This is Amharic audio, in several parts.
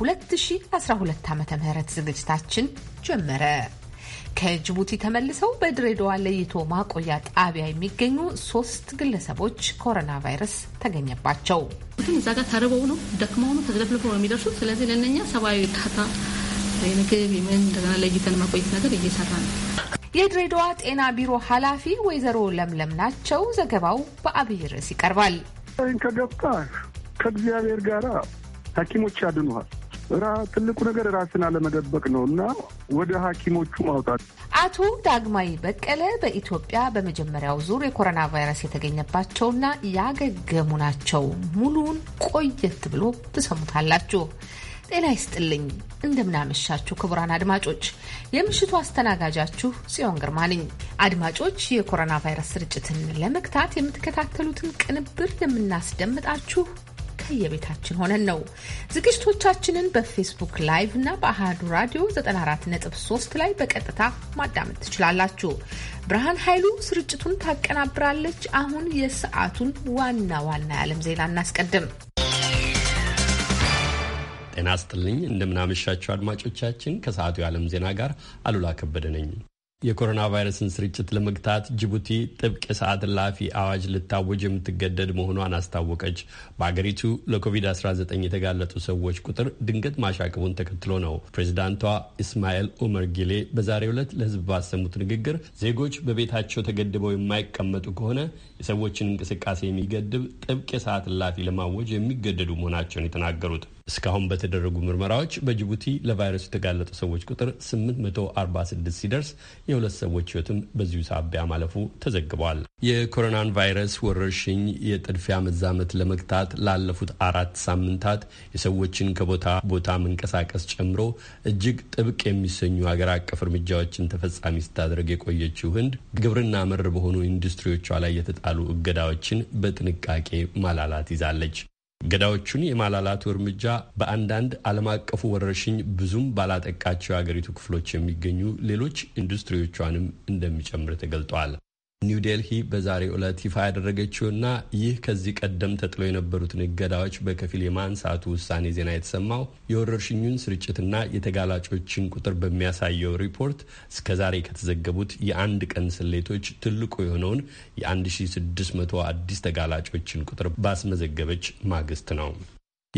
2012 ዓ ም ዝግጅታችን ጀመረ። ከጅቡቲ ተመልሰው በድሬዳዋ ለይቶ ማቆያ ጣቢያ የሚገኙ ሶስት ግለሰቦች ኮሮና ቫይረስ ተገኘባቸው። እዛ ጋር ተርበው ነው ደክመው ነው ተዝለፍልፎ ነው የሚደርሱት። ስለዚህ ለነኛ ሰብአዊ እርዳታ ምግብ ምን እንደገና ለይተን ማቆየት ነገር እየሰራ ነው። የድሬዳዋ ጤና ቢሮ ኃላፊ ወይዘሮ ለምለም ናቸው። ዘገባው በአብይ ርዕስ ይቀርባል። ከገባ ከእግዚአብሔር ጋር ሐኪሞች ያድኑሃል ትልቁ ነገር ራስን አለመደበቅ ነው እና ወደ ሐኪሞቹ ማውጣት። አቶ ዳግማይ በቀለ በኢትዮጵያ በመጀመሪያው ዙር የኮሮና ቫይረስ የተገኘባቸውና ያገገሙ ናቸው። ሙሉውን ቆየት ብሎ ትሰሙታላችሁ። ጤና ይስጥልኝ። እንደምናመሻችሁ ክቡራን አድማጮች፣ የምሽቱ አስተናጋጃችሁ ጽዮን ግርማ ነኝ። አድማጮች፣ የኮሮና ቫይረስ ስርጭትን ለመግታት የምትከታተሉትን ቅንብር የምናስደምጣችሁ ከየቤታችን ሆነን ነው። ዝግጅቶቻችንን በፌስቡክ ላይቭ እና በአህዱ ራዲዮ 94.3 ላይ በቀጥታ ማዳመጥ ትችላላችሁ። ብርሃን ኃይሉ ስርጭቱን ታቀናብራለች። አሁን የሰዓቱን ዋና ዋና የዓለም ዜና እናስቀድም። ጤና ስጥልኝ፣ እንደምናመሻቸው አድማጮቻችን። ከሰዓቱ የዓለም ዜና ጋር አሉላ ከበደ ነኝ። የኮሮና ቫይረስን ስርጭት ለመግታት ጅቡቲ ጥብቅ የሰዓት እላፊ አዋጅ ልታወጅ የምትገደድ መሆኗን አስታወቀች። በአገሪቱ ለኮቪድ-19 የተጋለጡ ሰዎች ቁጥር ድንገት ማሻቅቡን ተከትሎ ነው። ፕሬዚዳንቷ ኢስማኤል ኡመር ጊሌ በዛሬው ዕለት ለሕዝብ ባሰሙት ንግግር ዜጎች በቤታቸው ተገድበው የማይቀመጡ ከሆነ የሰዎችን እንቅስቃሴ የሚገድብ ጥብቅ የሰዓት እላፊ ለማወጅ የሚገደዱ መሆናቸውን የተናገሩት እስካሁን በተደረጉ ምርመራዎች በጅቡቲ ለቫይረሱ የተጋለጡ ሰዎች ቁጥር 846 ሲደርስ የሁለት ሰዎች ህይወትም በዚሁ ሳቢያ ማለፉ ተዘግቧል። የኮሮናን ቫይረስ ወረርሽኝ የጥድፊያ መዛመት ለመግታት ላለፉት አራት ሳምንታት የሰዎችን ከቦታ ቦታ መንቀሳቀስ ጨምሮ እጅግ ጥብቅ የሚሰኙ ሀገር አቀፍ እርምጃዎችን ተፈጻሚ ስታደርግ የቆየችው ህንድ ግብርና መር በሆኑ ኢንዱስትሪዎቿ ላይ የተጣሉ እገዳዎችን በጥንቃቄ ማላላት ይዛለች። ገዳዮቹን የማላላቱ እርምጃ በአንዳንድ ዓለም አቀፉ ወረርሽኝ ብዙም ባላጠቃቸው የአገሪቱ ክፍሎች የሚገኙ ሌሎች ኢንዱስትሪዎቿንም እንደሚጨምር ተገልጧል። ኒው ዴልሂ በዛሬው ዕለት ይፋ ያደረገችውና ይህ ከዚህ ቀደም ተጥሎ የነበሩትን እገዳዎች በከፊል የማንሳቱ ውሳኔ ዜና የተሰማው የወረርሽኙን ስርጭትና የተጋላጮችን ቁጥር በሚያሳየው ሪፖርት እስከዛሬ ከተዘገቡት የአንድ ቀን ስሌቶች ትልቁ የሆነውን የ1600 አዲስ ተጋላጮችን ቁጥር ባስመዘገበች ማግስት ነው።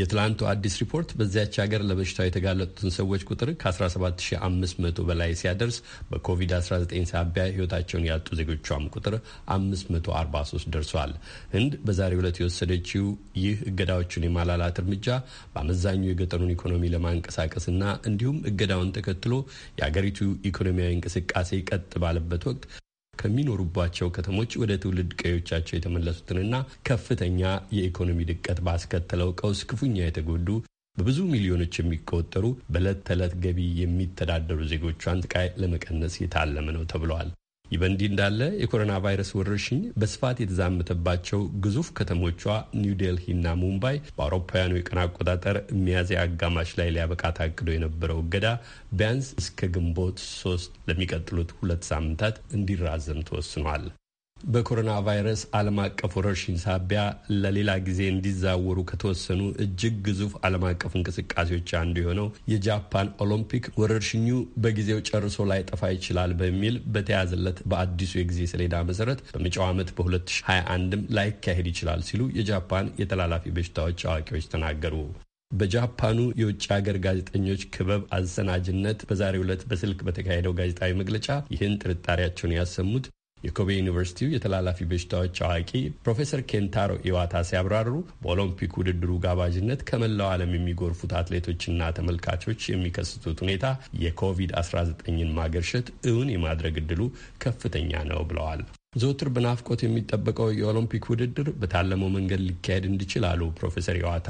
የትላንቱ አዲስ ሪፖርት በዚያች ሀገር ለበሽታው የተጋለጡትን ሰዎች ቁጥር ከ17500 በላይ ሲያደርስ በኮቪድ-19 ሳቢያ ሕይወታቸውን ያጡ ዜጎቿም ቁጥር 543 ደርሷል። ህንድ በዛሬው ዕለት የወሰደችው ይህ እገዳዎቹን የማላላት እርምጃ በአመዛኙ የገጠሩን ኢኮኖሚ ለማንቀሳቀስ እና እንዲሁም እገዳውን ተከትሎ የአገሪቱ ኢኮኖሚያዊ እንቅስቃሴ ቀጥ ባለበት ወቅት ከሚኖሩባቸው ከተሞች ወደ ትውልድ ቀዮቻቸው የተመለሱትንና ከፍተኛ የኢኮኖሚ ድቀት ባስከተለው ቀውስ ክፉኛ የተጎዱ በብዙ ሚሊዮኖች የሚቆጠሩ በዕለት ተዕለት ገቢ የሚተዳደሩ ዜጎቿን ጥቃይ ለመቀነስ የታለመ ነው ተብለዋል። ይህ በእንዲህ እንዳለ የኮሮና ቫይረስ ወረርሽኝ በስፋት የተዛመተባቸው ግዙፍ ከተሞቿ ኒው ዴልሂና ሙምባይ በአውሮፓውያኑ የቀን አቆጣጠር ሚያዝያ አጋማሽ ላይ ሊያበቃ ታቅዶ የነበረው እገዳ ቢያንስ እስከ ግንቦት ሶስት ለሚቀጥሉት ሁለት ሳምንታት እንዲራዘም ተወስኗል። በኮሮና ቫይረስ ዓለም አቀፍ ወረርሽኝ ሳቢያ ለሌላ ጊዜ እንዲዛወሩ ከተወሰኑ እጅግ ግዙፍ ዓለም አቀፍ እንቅስቃሴዎች አንዱ የሆነው የጃፓን ኦሎምፒክ ወረርሽኙ በጊዜው ጨርሶ ላይጠፋ ይችላል በሚል በተያዘለት በአዲሱ የጊዜ ሰሌዳ መሰረት በመጪው ዓመት በ2021ም ላይካሄድ ይችላል ሲሉ የጃፓን የተላላፊ በሽታዎች አዋቂዎች ተናገሩ። በጃፓኑ የውጭ ሀገር ጋዜጠኞች ክበብ አዘናጅነት በዛሬው ዕለት በስልክ በተካሄደው ጋዜጣዊ መግለጫ ይህን ጥርጣሬያቸውን ያሰሙት የኮቤ ዩኒቨርሲቲው የተላላፊ በሽታዎች አዋቂ ፕሮፌሰር ኬንታሮ ኢዋታ ሲያብራሩ በኦሎምፒክ ውድድሩ ጋባዥነት ከመላው ዓለም የሚጎርፉት አትሌቶችና ተመልካቾች የሚከስቱት ሁኔታ የኮቪድ-19ን ማገርሸት እውን የማድረግ እድሉ ከፍተኛ ነው ብለዋል። ዘወትር በናፍቆት የሚጠበቀው የኦሎምፒክ ውድድር በታለመው መንገድ ሊካሄድ እንዲችል አሉ ፕሮፌሰር ኢዋታ።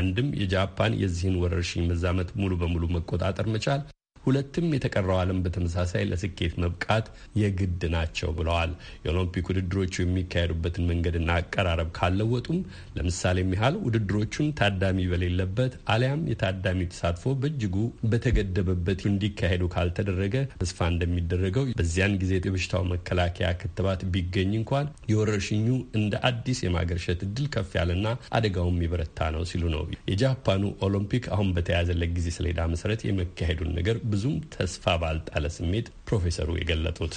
አንድም የጃፓን የዚህን ወረርሽኝ መዛመት ሙሉ በሙሉ መቆጣጠር መቻል ሁለትም የተቀረው ዓለም በተመሳሳይ ለስኬት መብቃት የግድ ናቸው ብለዋል። የኦሎምፒክ ውድድሮቹ የሚካሄዱበትን መንገድና አቀራረብ ካለወጡም ለምሳሌም ያህል ውድድሮቹን ታዳሚ በሌለበት አሊያም የታዳሚ ተሳትፎ በእጅጉ በተገደበበት እንዲካሄዱ ካልተደረገ ተስፋ እንደሚደረገው በዚያን ጊዜ የበሽታው መከላከያ ክትባት ቢገኝ እንኳን የወረርሽኙ እንደ አዲስ የማገርሸት እድል ከፍ ያለና አደጋውም ይበረታ ነው ሲሉ ነው የጃፓኑ ኦሎምፒክ አሁን በተያዘለት ጊዜ ሰሌዳ መሰረት የመካሄዱን ነገር ብዙም ተስፋ ባልጣለ ስሜት ፕሮፌሰሩ የገለጡት።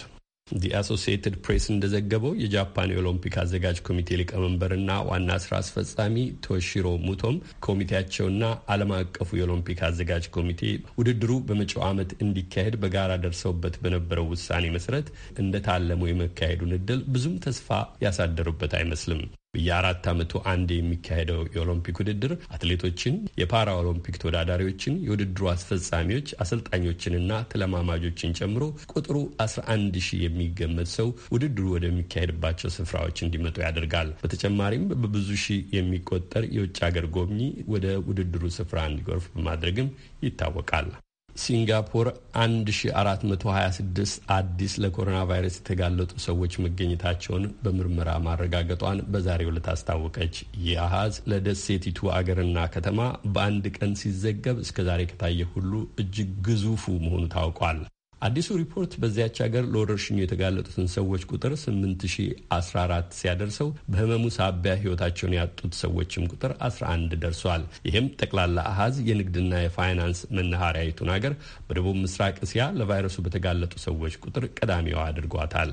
ዲ አሶሲየትድ ፕሬስ እንደዘገበው የጃፓን የኦሎምፒክ አዘጋጅ ኮሚቴ ሊቀመንበርና ዋና ስራ አስፈጻሚ ቶሺሮ ሙቶም ኮሚቴያቸውና ዓለም አቀፉ የኦሎምፒክ አዘጋጅ ኮሚቴ ውድድሩ በመጪው ዓመት እንዲካሄድ በጋራ ደርሰውበት በነበረው ውሳኔ መሰረት እንደታለመው የመካሄዱን እድል ብዙም ተስፋ ያሳደሩበት አይመስልም። በየአራት ዓመቱ አንድ የሚካሄደው የኦሎምፒክ ውድድር አትሌቶችን፣ የፓራ ኦሎምፒክ ተወዳዳሪዎችን፣ የውድድሩ አስፈጻሚዎች፣ አሰልጣኞችንና ተለማማጆችን ጨምሮ ቁጥሩ 11 ሺህ የሚገመት ሰው ውድድሩ ወደሚካሄድባቸው ስፍራዎች እንዲመጡ ያደርጋል። በተጨማሪም በብዙ ሺህ የሚቆጠር የውጭ ሀገር ጎብኚ ወደ ውድድሩ ስፍራ እንዲጎርፍ በማድረግም ይታወቃል። ሲንጋፖር 1426 አዲስ ለኮሮና ቫይረስ የተጋለጡ ሰዎች መገኘታቸውን በምርመራ ማረጋገጧን በዛሬው ዕለት አስታወቀች። ይህ አሃዝ ለደሴቲቱ አገርና ከተማ በአንድ ቀን ሲዘገብ እስከ ዛሬ ከታየ ሁሉ እጅግ ግዙፉ መሆኑ ታውቋል። አዲሱ ሪፖርት በዚያች ሀገር ለወረርሽኙ የተጋለጡትን ሰዎች ቁጥር 8014 ሲያደርሰው በህመሙ ሳቢያ ህይወታቸውን ያጡት ሰዎችም ቁጥር 11 ደርሷል። ይህም ጠቅላላ አሀዝ የንግድና የፋይናንስ መናኸሪያዊቱን ሀገር በደቡብ ምስራቅ እስያ ለቫይረሱ በተጋለጡ ሰዎች ቁጥር ቀዳሚዋ አድርጓታል።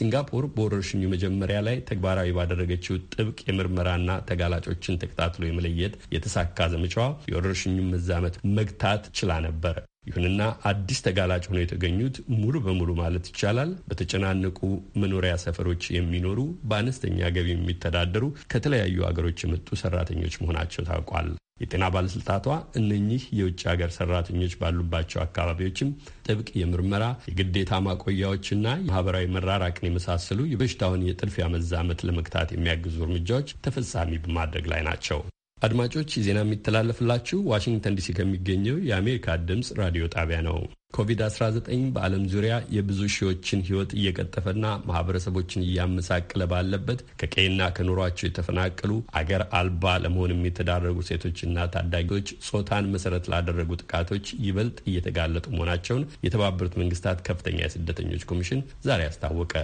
ሲንጋፖር በወረርሽኙ መጀመሪያ ላይ ተግባራዊ ባደረገችው ጥብቅ የምርመራና ተጋላጮችን ተከታትሎ የመለየት የተሳካ ዘመቻዋ የወረርሽኙን መዛመት መግታት ችላ ነበር። ይሁንና አዲስ ተጋላጭ ሆነው የተገኙት ሙሉ በሙሉ ማለት ይቻላል በተጨናነቁ መኖሪያ ሰፈሮች የሚኖሩ በአነስተኛ ገቢ የሚተዳደሩ ከተለያዩ አገሮች የመጡ ሰራተኞች መሆናቸው ታውቋል። የጤና ባለስልጣቷ እነኚህ የውጭ ሀገር ሰራተኞች ባሉባቸው አካባቢዎችም ጥብቅ የምርመራ የግዴታ ማቆያዎችና ማህበራዊ መራራቅን የመሳሰሉ የበሽታውን የጥድፊያ መዛመት ለመግታት የሚያግዙ እርምጃዎች ተፈጻሚ በማድረግ ላይ ናቸው። አድማጮች ዜና የሚተላለፍላችሁ ዋሽንግተን ዲሲ ከሚገኘው የአሜሪካ ድምፅ ራዲዮ ጣቢያ ነው። ኮቪድ-19 በዓለም ዙሪያ የብዙ ሺዎችን ሕይወት እየቀጠፈና ማህበረሰቦችን እያመሳቀለ ባለበት ከቀይና ከኑሯቸው የተፈናቀሉ አገር አልባ ለመሆንም የተዳረጉ ሴቶችና ታዳጊዎች ጾታን መሰረት ላደረጉ ጥቃቶች ይበልጥ እየተጋለጡ መሆናቸውን የተባበሩት መንግስታት ከፍተኛ የስደተኞች ኮሚሽን ዛሬ አስታወቀ።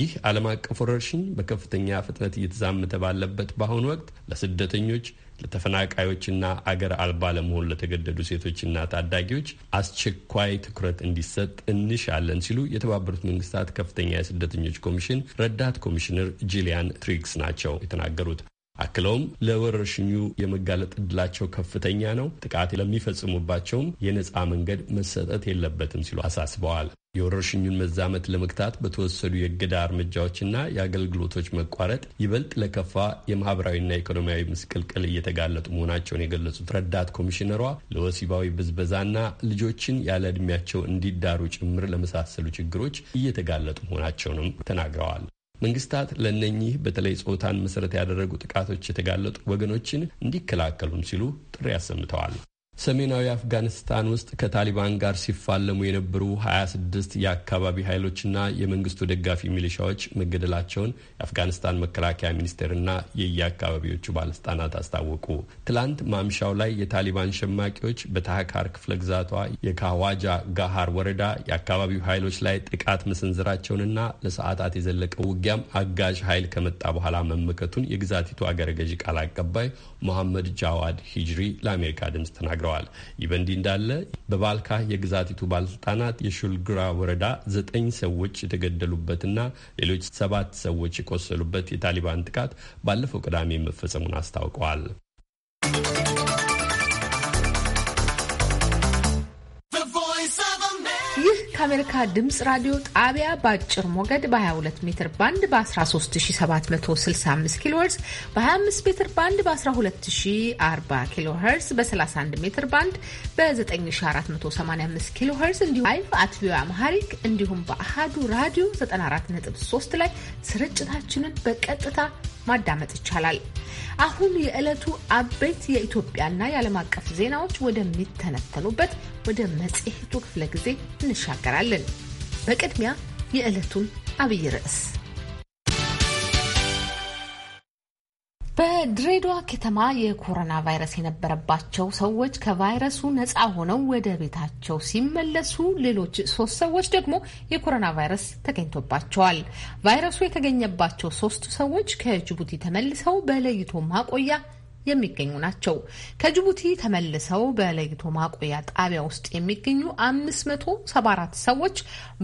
ይህ ዓለም አቀፍ ወረርሽኝ በከፍተኛ ፍጥነት እየተዛመተ ባለበት በአሁኑ ወቅት ለስደተኞች ለተፈናቃዮችና አገር አልባ ለመሆን ለተገደዱ ሴቶችና ታዳጊዎች አስቸኳይ ትኩረት እንዲሰጥ እንሻለን ሲሉ የተባበሩት መንግስታት ከፍተኛ የስደተኞች ኮሚሽን ረዳት ኮሚሽነር ጂሊያን ትሪግስ ናቸው የተናገሩት። አክለውም ለወረርሽኙ የመጋለጥ እድላቸው ከፍተኛ ነው፣ ጥቃት ለሚፈጽሙባቸውም የነፃ መንገድ መሰጠት የለበትም ሲሉ አሳስበዋል። የወረርሽኙን መዛመት ለመግታት በተወሰዱ የእገዳ እርምጃዎችና የአገልግሎቶች መቋረጥ ይበልጥ ለከፋ የማህበራዊና ኢኮኖሚያዊ ምስቅልቅል እየተጋለጡ መሆናቸውን የገለጹት ረዳት ኮሚሽነሯ ለወሲባዊ ብዝበዛና ልጆችን ያለ ዕድሜያቸው እንዲዳሩ ጭምር ለመሳሰሉ ችግሮች እየተጋለጡ መሆናቸውንም ተናግረዋል። መንግስታት ለእነኚህ በተለይ ጾታን መሰረት ያደረጉ ጥቃቶች የተጋለጡ ወገኖችን እንዲከላከሉም ሲሉ ጥሪ አሰምተዋል። ሰሜናዊ አፍጋኒስታን ውስጥ ከታሊባን ጋር ሲፋለሙ የነበሩ 26 የአካባቢ ኃይሎችና የመንግስቱ ደጋፊ ሚሊሻዎች መገደላቸውን የአፍጋኒስታን መከላከያ ሚኒስቴርና የየአካባቢዎቹ ባለስልጣናት አስታወቁ። ትላንት ማምሻው ላይ የታሊባን ሸማቂዎች በታህካር ክፍለ ግዛቷ የካዋጃ ጋሃር ወረዳ የአካባቢው ኃይሎች ላይ ጥቃት መሰንዘራቸውንና ለሰዓታት የዘለቀው ውጊያም አጋዥ ኃይል ከመጣ በኋላ መመከቱን የግዛቲቱ አገረ ገዢ ቃል አቀባይ መሐመድ ጃዋድ ሂጅሪ ለአሜሪካ ድምፅ ተናግረዋል። ተናግረዋል። ይህ በእንዲህ እንዳለ በባልካ የግዛቲቱ ባለስልጣናት የሹልግራ ወረዳ ዘጠኝ ሰዎች የተገደሉበትና ሌሎች ሰባት ሰዎች የቆሰሉበት የታሊባን ጥቃት ባለፈው ቅዳሜ መፈጸሙን አስታውቀዋል። ከአሜሪካ ድምፅ ራዲዮ ጣቢያ በአጭር ሞገድ በ22 ሜትር ባንድ በ13765 ኪሎ ሄርዝ በ25 ሜትር ባንድ በ1240 ኪሎ ሄርዝ በ31 ሜትር ባንድ በ9485 ኪሎ ሄርዝ እንዲሁም ላይቭ አት ቪኦኤ አምሃሪክ እንዲሁም በአሃዱ ራዲዮ 94.3 ላይ ስርጭታችንን በቀጥታ ማዳመጥ ይቻላል። አሁን የዕለቱ አበይት የኢትዮጵያና የዓለም አቀፍ ዜናዎች ወደሚተነተኑበት ወደ መጽሔቱ ክፍለ ጊዜ እንሻገራለን። በቅድሚያ የዕለቱን አብይ ርዕስ በድሬዳዋ ከተማ የኮሮና ቫይረስ የነበረባቸው ሰዎች ከቫይረሱ ነፃ ሆነው ወደ ቤታቸው ሲመለሱ ሌሎች ሶስት ሰዎች ደግሞ የኮሮና ቫይረስ ተገኝቶባቸዋል። ቫይረሱ የተገኘባቸው ሶስቱ ሰዎች ከጅቡቲ ተመልሰው በለይቶ ማቆያ የሚገኙ ናቸው። ከጅቡቲ ተመልሰው በለይቶ ማቆያ ጣቢያ ውስጥ የሚገኙ 574 ሰዎች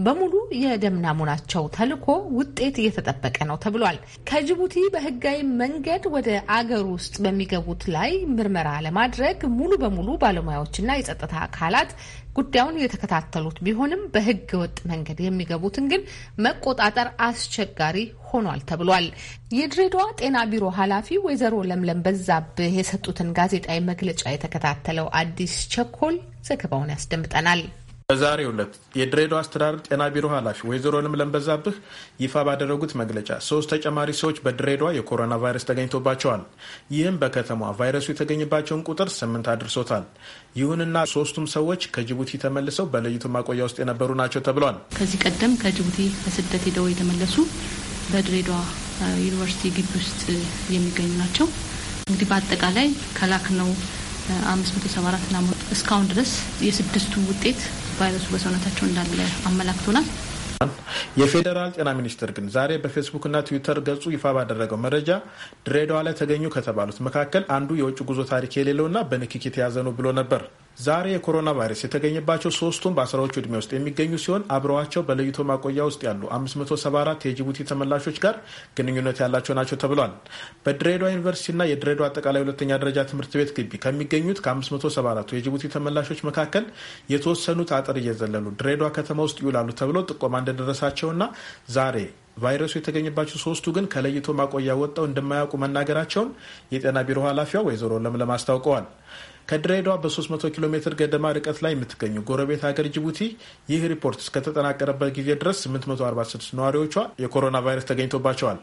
በሙሉ የደም ናሙናቸው ተልኮ ውጤት እየተጠበቀ ነው ተብሏል። ከጅቡቲ በህጋዊ መንገድ ወደ አገር ውስጥ በሚገቡት ላይ ምርመራ ለማድረግ ሙሉ በሙሉ ባለሙያዎችና የጸጥታ አካላት ጉዳዩን የተከታተሉት ቢሆንም በህገ ወጥ መንገድ የሚገቡትን ግን መቆጣጠር አስቸጋሪ ሆኗል ተብሏል። የድሬዳዋ ጤና ቢሮ ኃላፊ ወይዘሮ ለምለም በዛብህ የሰጡትን ጋዜጣዊ መግለጫ የተከታተለው አዲስ ቸኮል ዘገባውን ያስደምጠናል። በዛሬ ዕለት የድሬዳዋ አስተዳደር ጤና ቢሮ ኃላፊ ወይዘሮ ለምለም በዛብህ ይፋ ባደረጉት መግለጫ ሶስት ተጨማሪ ሰዎች በድሬዳዋ የኮሮና ቫይረስ ተገኝቶባቸዋል። ይህም በከተማ ቫይረሱ የተገኘባቸውን ቁጥር ስምንት አድርሶታል። ይሁንና ሶስቱም ሰዎች ከጅቡቲ ተመልሰው በለይቱ ማቆያ ውስጥ የነበሩ ናቸው ተብሏል። ከዚህ ቀደም ከጅቡቲ በስደት ሄደው የተመለሱ በድሬዳዋ ዩኒቨርሲቲ ግቢ ውስጥ የሚገኙ ናቸው። እንግዲህ በአጠቃላይ ከላክ ነው 574 ናሙና እስካሁን ድረስ የስድስቱ ውጤት ቫይረሱ በሰውነታቸው እንዳለ አመላክቶናል። የፌዴራል ጤና ሚኒስቴር ግን ዛሬ በፌስቡክና ትዊተር ገጹ ይፋ ባደረገው መረጃ ድሬዳዋ ላይ ተገኙ ከተባሉት መካከል አንዱ የውጭ ጉዞ ታሪክ የሌለውና በንክኪት የተያዘ ነው ብሎ ነበር። ዛሬ የኮሮና ቫይረስ የተገኘባቸው ሶስቱም በአስራዎቹ ዕድሜ ውስጥ የሚገኙ ሲሆን አብረዋቸው በለይቶ ማቆያ ውስጥ ያሉ 574 የጅቡቲ ተመላሾች ጋር ግንኙነት ያላቸው ናቸው ተብሏል። በድሬዳዋ ዩኒቨርሲቲና የድሬዳዋ አጠቃላይ ሁለተኛ ደረጃ ትምህርት ቤት ግቢ ከሚገኙት ከ574 የጅቡቲ ተመላሾች መካከል የተወሰኑት አጥር እየዘለሉ ድሬዳዋ ከተማ ውስጥ ይውላሉ ተብሎ ጥቆማ እንደደረሳቸውና ዛሬ ቫይረሱ የተገኘባቸው ሶስቱ ግን ከለይቶ ማቆያ ወጥተው እንደማያውቁ መናገራቸውን የጤና ቢሮ ኃላፊዋ ወይዘሮ ለምለም አስታውቀዋል። ከድሬዳዋ በ300 ኪሎ ሜትር ገደማ ርቀት ላይ የምትገኘው ጎረቤት ሀገር ጅቡቲ ይህ ሪፖርት እስከተጠናቀረበት ጊዜ ድረስ 846 ነዋሪዎቿ የኮሮና ቫይረስ ተገኝቶባቸዋል።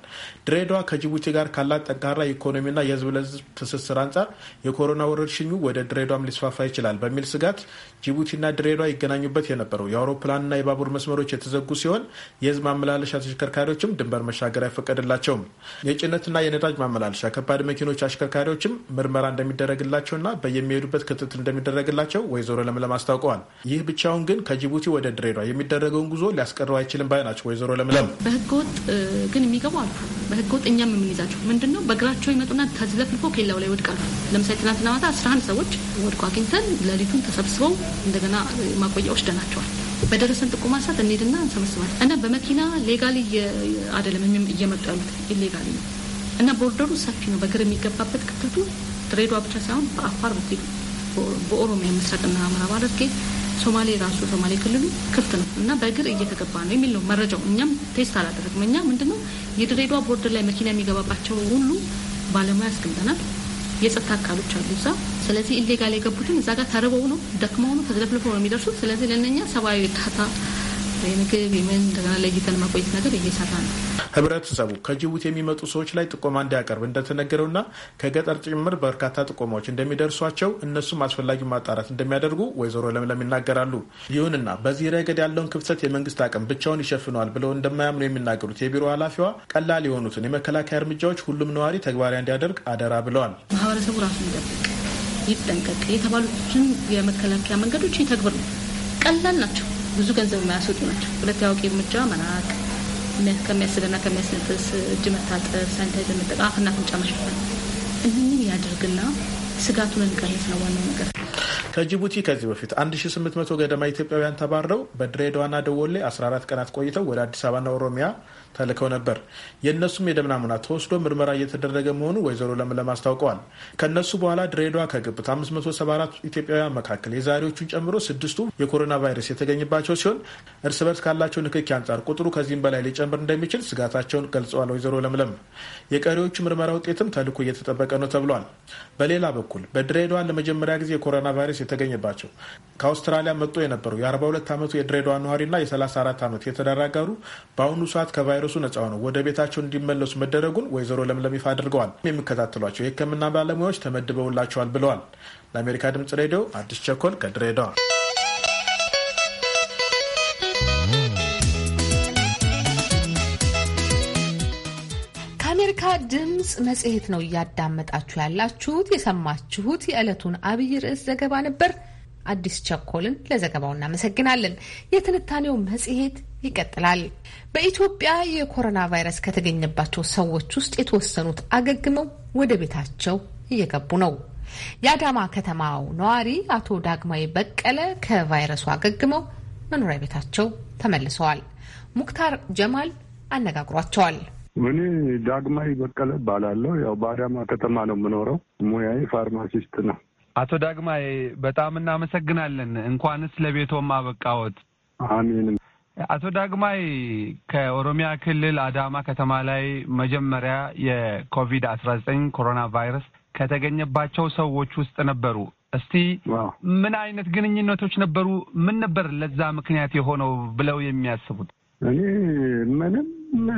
ድሬዳዋ ከጅቡቲ ጋር ካላት ጠንካራ የኢኮኖሚና የህዝብ ለህዝብ ትስስር አንጻር የኮሮና ወረርሽኙ ወደ ድሬዳዋም ሊስፋፋ ይችላል በሚል ስጋት ጅቡቲና ድሬዳዋ ይገናኙበት የነበረው የአውሮፕላንና የባቡር መስመሮች የተዘጉ ሲሆን የህዝብ ማመላለሻ ተሽከርካሪዎችም ድንበር መሻገር አይፈቀድላቸውም። የጭነትና የነዳጅ ማመላለሻ ከባድ መኪኖች አሽከርካሪዎችም ምርመራ እንደሚደረግላቸውና በየሚሄዱበት ክትትል እንደሚደረግላቸው ወይዘሮ ለምለም አስታውቀዋል። ይህ ብቻውን ግን ከጅቡቲ ወደ ድሬዳዋ የሚደረገውን ጉዞ ሊያስቀረው አይችልም ባይ ናቸው ወይዘሮ ለምለም። በህገወጥ ግን የሚገቡ አሉ። በህገወጥ እኛም የምንይዛቸው ምንድነው በእግራቸው ይመጡና ተዝለፍልፎ ኬላው ላይ ይወድቃሉ። ለምሳሌ ትናንትና ማታ 11 ሰዎች ወድቆ አግኝተን ሌሊቱን ተሰብስበው እንደገና ማቆያዎች ደናቸዋል በደረሰን ጥቁ ማሳት እንሄድና እንሰበስባል እና በመኪና ሌጋሊ አይደለም እየመጡ ያሉት ኢሌጋሊ ነው እና ቦርደሩ ሰፊ ነው። በእግር የሚገባበት ክፍተቱ ድሬዷ ብቻ ሳይሆን በአፋር በኩል በኦሮሚያ ምስራቅና ምዕራብ ሐረርጌ ሶማሌ ራሱ ሶማሌ ክልሉ ክፍት ነው እና በእግር እየተገባ ነው የሚል ነው መረጃው። እኛም ቴስት አላደረግም። እኛ ምንድነው የድሬዷ ቦርደር ላይ መኪና የሚገባባቸው ሁሉ ባለሙያ አስገምተናል። የጸጥታ አካሎች አሉ እዛ። ስለዚህ ኢሌጋል የገቡትን እዛ ጋር ተርበው ነው ደክመው ነው ተዝለፍልፈው ነው የሚደርሱት። ስለዚህ ለነኛ ሰብአዊ እርዳታ የምግብ የምን እንደገና ለይተን መቆየት ነገር እየሰራ ነው። ህብረተሰቡ ከጅቡቲ የሚመጡ ሰዎች ላይ ጥቆማ እንዲያቀርብ እንደተነገረውና ከገጠር ጭምር በርካታ ጥቆማዎች እንደሚደርሷቸው እነሱም አስፈላጊ ማጣራት እንደሚያደርጉ ወይዘሮ ለምለም ይናገራሉ። ይሁንና በዚህ ረገድ ያለውን ክፍተት የመንግስት አቅም ብቻውን ይሸፍነዋል ብለው እንደማያምኑ የሚናገሩት የቢሮ ኃላፊዋ ቀላል የሆኑትን የመከላከያ እርምጃዎች ሁሉም ነዋሪ ተግባራዊ እንዲያደርግ አደራ ብለዋል። ማህበረሰቡ ራሱ ይጠብቅ፣ ይጠንቀቅ የተባሉትን የመከላከያ መንገዶች ይተግብር። ቀላል ናቸው። ብዙ ገንዘብ የማያስወጡ ናቸው። ሁለት የአዋቂ እርምጃ መራቅ ከሚያስልና ከሚያስነጥስ እጅ መታጠብ፣ ሳኒታይዘር መጠቀም፣ አፍና አፍንጫ መሸፈን እህንን ያደርግና ስጋቱን እንቀንስ ነው ዋናው ነገር። ከጅቡቲ ከዚህ በፊት 1800 ገደማ ኢትዮጵያውያን ተባረው በድሬዳዋና ደወሌ 14 ቀናት ቆይተው ወደ አዲስ አበባና ኦሮሚያ ተልከው ነበር። የእነሱም የደም ናሙና ተወስዶ ምርመራ እየተደረገ መሆኑ ወይዘሮ ለምለም አስታውቀዋል። ከእነሱ በኋላ ድሬዳዋ ከግብት 574 ኢትዮጵያውያን መካከል የዛሬዎቹን ጨምሮ ስድስቱ የኮሮና ቫይረስ የተገኘባቸው ሲሆን እርስ በርስ ካላቸው ንክኪ አንጻር ቁጥሩ ከዚህም በላይ ሊጨምር እንደሚችል ስጋታቸውን ገልጸዋል። ወይዘሮ ለምለም የቀሪዎቹ ምርመራ ውጤትም ተልኮ እየተጠበቀ ነው ተብሏል። በሌላ በኩል በድሬዳዋ ለመጀመሪያ ጊዜ የኮሮና ቫይረስ የተገኘባቸው ከአውስትራሊያ መጡ የነበሩ የ42 ዓመቱ የድሬዳዋ ነዋሪና የ34 ዓመት የተደራጋሩ በአሁኑ ሰዓት ከቫይ ከቫይረሱ ነጻ ሆነው ወደ ቤታቸው እንዲመለሱ መደረጉን ወይዘሮ ለምለም ይፋ አድርገዋል። የሚከታተሏቸው የሕክምና ባለሙያዎች ተመድበውላቸዋል ብለዋል። ለአሜሪካ ድምጽ ሬዲዮ አዲስ ቸኮል ከድሬዳዋ። የአሜሪካ ድምፅ መጽሔት ነው እያዳመጣችሁ ያላችሁት። የሰማችሁት የዕለቱን አብይ ርዕስ ዘገባ ነበር። አዲስ ቸኮልን ለዘገባው እናመሰግናለን። የትንታኔው መጽሔት ይቀጥላል። በኢትዮጵያ የኮሮና ቫይረስ ከተገኘባቸው ሰዎች ውስጥ የተወሰኑት አገግመው ወደ ቤታቸው እየገቡ ነው። የአዳማ ከተማው ነዋሪ አቶ ዳግማዊ በቀለ ከቫይረሱ አገግመው መኖሪያ ቤታቸው ተመልሰዋል። ሙክታር ጀማል አነጋግሯቸዋል። እኔ ዳግማዊ በቀለ እባላለሁ። ያው በአዳማ ከተማ ነው የምኖረው። ሙያዬ ፋርማሲስት ነው። አቶ ዳግማዊ በጣም እናመሰግናለን። እንኳንስ ለቤቶም አበቃዎት። አሜን። አቶ ዳግማይ ከኦሮሚያ ክልል አዳማ ከተማ ላይ መጀመሪያ የኮቪድ አስራ ዘጠኝ ኮሮና ቫይረስ ከተገኘባቸው ሰዎች ውስጥ ነበሩ። እስቲ ምን አይነት ግንኙነቶች ነበሩ? ምን ነበር ለዛ ምክንያት የሆነው ብለው የሚያስቡት? እኔ ምንም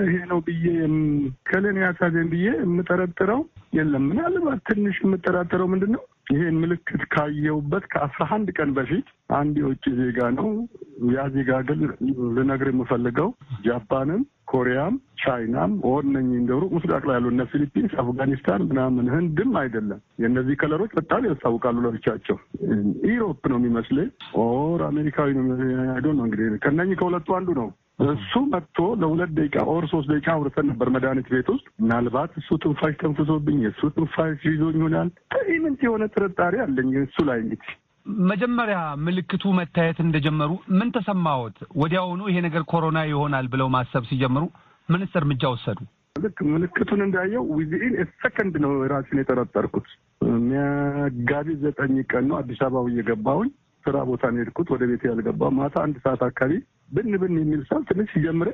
ይሄ ነው ብዬ ከልን ያሳዘን ብዬ የምጠረጥረው የለም። ምናልባት ትንሽ የምጠራጠረው ምንድን ነው ይሄን ምልክት ካየውበት ከአስራ አንድ ቀን በፊት አንድ የውጭ ዜጋ ነው። ያ ዜጋ ግን ልነግር የምፈልገው ጃፓንም፣ ኮሪያም፣ ቻይናም ወነኝ እንደ ሩቅ ምስራቅ ላይ ያሉ እነ ፊሊፒንስ፣ አፍጋኒስታን ምናምን ህንድም አይደለም። የእነዚህ ከለሮች በጣም ያስታውቃሉ ለብቻቸው። ኢሮፕ ነው የሚመስለኝ ኦር አሜሪካዊ ነው። እንግዲህ ከእነኝህ ከሁለቱ አንዱ ነው እሱ መጥቶ ለሁለት ደቂቃ ኦር ሶስት ደቂቃ አውርተን ነበር መድኃኒት ቤት ውስጥ። ምናልባት እሱ ትንፋሽ ተንፍሶብኝ እሱ ትንፋሽ ይዞኝ ይሆናል። ኢምንት የሆነ ጥርጣሬ አለኝ እሱ ላይ እንግዲህ መጀመሪያ ምልክቱ መታየት እንደጀመሩ ምን ተሰማዎት? ወዲያውኑ ይሄ ነገር ኮሮና ይሆናል ብለው ማሰብ ሲጀምሩ ምንስ እርምጃ ወሰዱ? ልክ ምልክቱን እንዳየው ዊዚኢን ሰከንድ ነው ራሴን የጠረጠርኩት። ሚያጋቢ ዘጠኝ ቀን ነው አዲስ አበባ እየገባሁኝ ስራ ቦታ ነው የሄድኩት። ወደ ቤት ያልገባ ማታ አንድ ሰዓት አካባቢ ብን ብን የሚል ሰው ትንሽ ሲጀምረ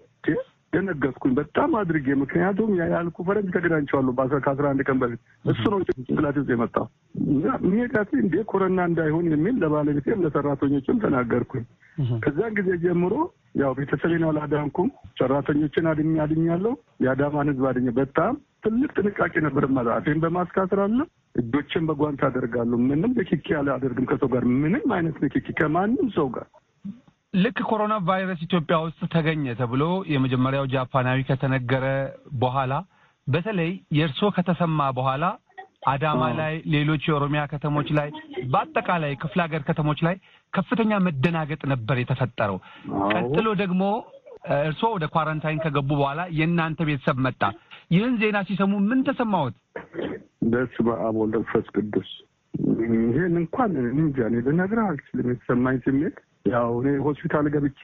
ደነገጥኩኝ በጣም አድርጌ። ምክንያቱም ያልኩ ፈረንጅ ተገናኝቸዋለሁ ከአስራ አንድ ቀን በፊት እሱ ነው ጭንቅላት ውስጥ የመጣው ሚሄዳት እንዴ ኮረና እንዳይሆን የሚል ለባለቤቴም ለሰራተኞችም ተናገርኩኝ። ከዚያን ጊዜ ጀምሮ ያው ቤተሰቤን አላዳንኩም፣ ሰራተኞችን አድኛ አድኛለሁ፣ የአዳማን ህዝብ አድኛ በጣም ትልቅ ጥንቃቄ ነበር። አፌን በማስክ አስራለሁ፣ እጆችን በጓንት አደርጋለሁ። ምንም ንክኪ ያለ አደርግም ከሰው ጋር ምንም አይነት ንክኪ ከማንም ሰው ጋር። ልክ ኮሮና ቫይረስ ኢትዮጵያ ውስጥ ተገኘ ተብሎ የመጀመሪያው ጃፓናዊ ከተነገረ በኋላ በተለይ የእርሶ ከተሰማ በኋላ አዳማ ላይ፣ ሌሎች የኦሮሚያ ከተሞች ላይ፣ በአጠቃላይ ክፍለ ሀገር ከተሞች ላይ ከፍተኛ መደናገጥ ነበር የተፈጠረው። ቀጥሎ ደግሞ እርሶ ወደ ኳረንታይን ከገቡ በኋላ የእናንተ ቤተሰብ መጣ። ይህን ዜና ሲሰሙ ምን ተሰማዎት? ደስ በአብ ወልድ ቅዱስ። ይህን እንኳን እንጃ እኔ ልነግርህ አልችልም። የተሰማኝ ስሜት ያው እኔ ሆስፒታል ገብቼ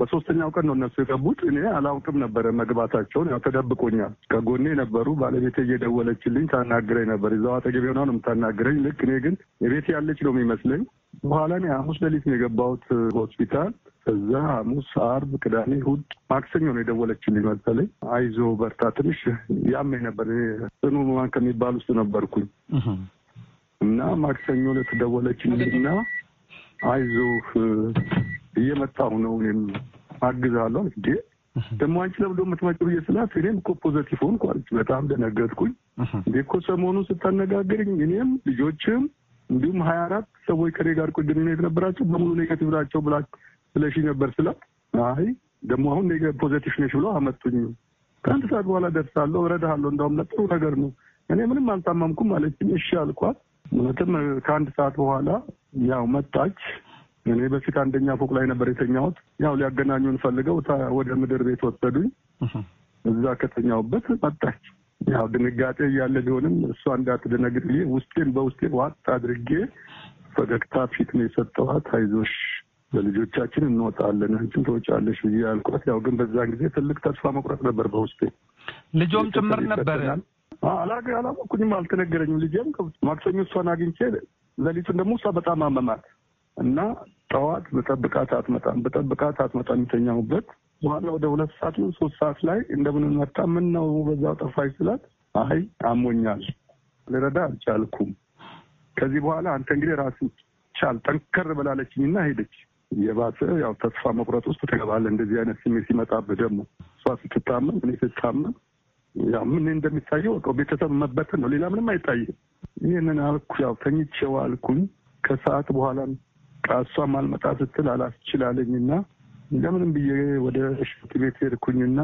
በሶስተኛው ቀን ነው እነሱ የገቡት። እኔ አላውቅም ነበረ መግባታቸውን። ያው ተደብቆኛል። ከጎኔ ነበሩ። ባለቤቴ እየደወለችልኝ ታናግረኝ ነበር። እዛው አጠገቤ ሆና ነው የምታናግረኝ። ልክ እኔ ግን የቤት ያለች ነው የሚመስለኝ። በኋላ እኔ ሐሙስ ሌሊት ነው የገባሁት ሆስፒታል። እዛ ሐሙስ፣ አርብ፣ ቅዳሜ፣ እሑድ፣ ማክሰኞ ነው የደወለችልኝ መሰለኝ። አይዞ በርታ፣ ትንሽ ያመኝ ነበር ጽኑ ሕሙማን ከሚባል ውስጥ ነበርኩኝ እና ማክሰኞ ዕለት ደወለችልኝና አይዞ እየመጣሁ ነው እኔም አግዛለሁ። እንዴ ደግሞ አንቺ ለብዶ የምትመጪው ብዬ ስላት እኔም እኮ ፖዘቲቭ ሆንኩ አለች። በጣም ደነገጥኩኝ። እንዴ እኮ ሰሞኑን ስታነጋግርኝ እኔም ልጆችም እንዲሁም ሀያ አራት ሰዎች ከኔ ጋር ግንኙነት ነበራቸው በሙሉ ኔጋቲቭ ናቸው ብላ ብለሽ ነበር ስላት፣ አይ ደግሞ አሁን ኔገ ፖዘቲቭ ነሽ ብሎ አመጡኝ። ከአንድ ሰዓት በኋላ ደርሳለሁ፣ እረዳሃለሁ፣ እንዳውም ለጥሩ ነገር ነው። እኔ ምንም አልታማምኩም አለችኝ። እሺ አልኳት። እውነትም ከአንድ ሰዓት በኋላ ያው መጣች። እኔ በፊት አንደኛ ፎቅ ላይ ነበር የተኛሁት። ያው ሊያገናኙን ፈልገው ወደ ምድር ቤት ወሰዱኝ። እዛ ከተኛሁበት መጣች። ያው ድንጋጤ እያለ ቢሆንም እሷ እንዳትደነግጥ ብዬ ውስጤን በውስጤ ዋጥ አድርጌ ፈገግታ ፊት ነው የሰጠኋት። አይዞሽ ለልጆቻችን እንወጣለን፣ አንቺም ትወጫለሽ ብዬ ያልኳት። ያው ግን በዛ ጊዜ ትልቅ ተስፋ መቁረጥ ነበር በውስጤ። ልጆም ጭምር ነበር አላገ አላወኩኝም፣ አልተነገረኝም። ልጄም ማክሰኞ እሷን አግኝቼ ሌሊቱን ደግሞ እሷ በጣም አመማት እና ጠዋት በጠብቃት አትመጣም፣ በጠብቃት አትመጣም የሚተኛሙበት በኋላ ወደ ሁለት ሰዓት ነው ሶስት ሰዓት ላይ እንደምን መጣ። ምን ነው በዛው ጠፋች ስላት፣ አይ አሞኛል ልረዳ አልቻልኩም ከዚህ በኋላ አንተ እንግዲህ ራሱ ቻል ጠንከር ብላለችኝና ሄደች። የባሰ ያው ተስፋ መቁረጥ ውስጥ ትገባለህ። እንደዚህ አይነት ስሜት ሲመጣብህ ደግሞ እሷ ስትታመም፣ እኔ ስታመም ያው ምን እንደሚታየው ቤተሰብ መበተን ነው፣ ሌላ ምንም አይታይም። ይህንን አልኩ፣ ያው ተኝቼው አልኩኝ። ከሰዓት በኋላም እሷ ማልመጣ ስትል አላስችላለኝና ለምንም ብዬ ወደ ሽንት ቤት ሄድኩኝና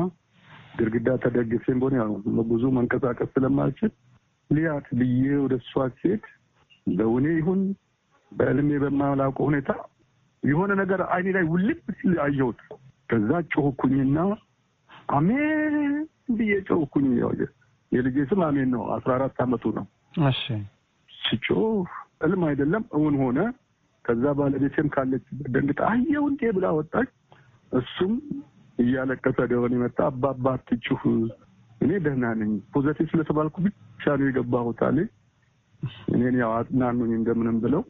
ግድግዳ ተደግፌ በሆነ ያው ብዙ መንቀሳቀስ ስለማልችል ሊያት ብዬ ወደ እሷ ሴት በውኔ ይሁን በእልሜ በማላውቀው ሁኔታ የሆነ ነገር አይኔ ላይ ውልብ ሲል አየሁት። ከዛ ጮኩኝና አሜን ብዬ ጮህኩኝ። የልጄ ስም አሜን ነው። አስራ አራት አመቱ ነው። እሺ ስጮህ እልም አይደለም እውን ሆነ። ከዛ ባለቤቴም ካለች ደንግጣ አየው እንዴ ብላ ወጣች። እሱም እያለቀሰ ደሆን የመጣ አባባ አትጩህ፣ እኔ ደህና ነኝ፣ ፖዘቲቭ ስለተባልኩ ብቻ ነው የገባሁት አለኝ። እኔን ያው አጽናኑኝ እንደምንም ብለው።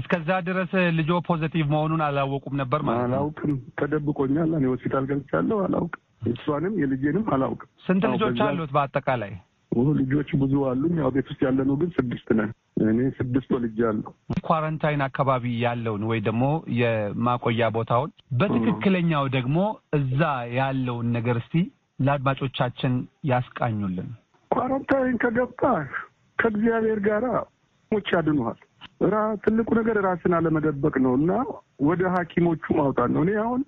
እስከዛ ድረስ ልጆ ፖዘቲቭ መሆኑን አላወቁም ነበር ማለት ነው? አላውቅም፣ ተደብቆኛል። እኔ ሆስፒታል ገብቻለሁ። አላውቅም፣ እሷንም የልጄንም አላውቅም። ስንት ልጆች አሉት በአጠቃላይ? ልጆች ብዙ አሉኝ። ያው ቤት ውስጥ ያለነው ግን ስድስት ነን። እኔ ስድስት ልጅ አለው። ኳረንታይን አካባቢ ያለውን ወይ ደግሞ የማቆያ ቦታውን በትክክለኛው ደግሞ እዛ ያለውን ነገር እስቲ ለአድማጮቻችን ያስቃኙልን። ኳረንታይን ከገባ ከእግዚአብሔር ጋር ሞች ያድኑሃል። ትልቁ ነገር ራስን አለመደበቅ ነው እና ወደ ሐኪሞቹ ማውጣት ነው። እኔ አሁን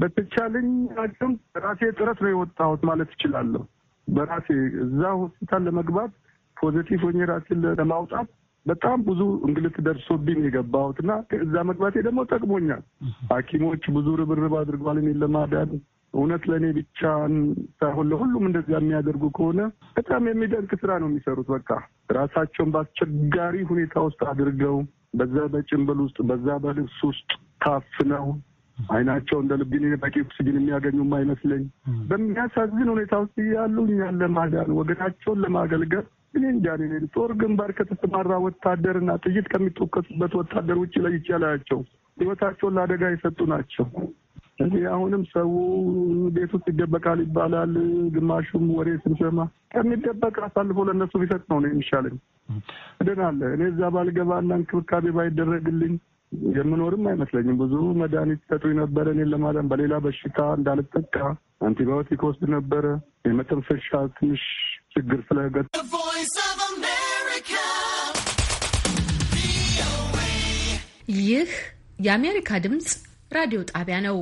በተቻለኝ አቅም ራሴ ጥረት ነው የወጣሁት ማለት እችላለሁ። በራሴ እዛ ሆስፒታል ለመግባት ፖዘቲቭ ሆኜ ራሴን ለማውጣት በጣም ብዙ እንግልት ደርሶብኝ የገባሁት እና እዛ መግባቴ ደግሞ ጠቅሞኛል። ሐኪሞች ብዙ ርብርብ አድርጓል እኔን ለማዳን እውነት ለእኔ ብቻ ሳይሆን ለሁሉም እንደዚያ የሚያደርጉ ከሆነ በጣም የሚደንቅ ስራ ነው የሚሰሩት። በቃ ራሳቸውን በአስቸጋሪ ሁኔታ ውስጥ አድርገው በዛ በጭንብል ውስጥ በዛ በልብስ ውስጥ ታፍነው አይናቸው እንደ ልብ በቂ ኦክሲጅን የሚያገኙም አይመስለኝ በሚያሳዝን ሁኔታ ውስጥ ያሉ እኛን ለማዳን ወገናቸውን ለማገልገል እኔ እንጃ ጦር ግንባር ከተሰማራ ወታደርና ጥይት ከሚተኮሱበት ወታደር ውጭ ለይቼ አላያቸውም። ህይወታቸውን ለአደጋ የሰጡ ናቸው። እዚህ አሁንም ሰው ቤት ውስጥ ይደበቃል ይባላል። ግማሹም ወሬ ስንሰማ ከሚደበቅ አሳልፎ ለእነሱ ቢሰጥ ነው ነው የሚሻለኝ። እድናለ እኔ እዛ ባልገባና እንክብካቤ ባይደረግልኝ የምኖርም አይመስለኝም። ብዙ መድኃኒት ሰጡኝ ነበረ እኔን ለማዳን በሌላ በሽታ እንዳልጠቃ አንቲባዮቲክ ወስድ ነበረ። የመተንፈሻ ትንሽ ችግር ስለገጥ ይህ የአሜሪካ ድምፅ ራዲዮ ጣቢያ ነው።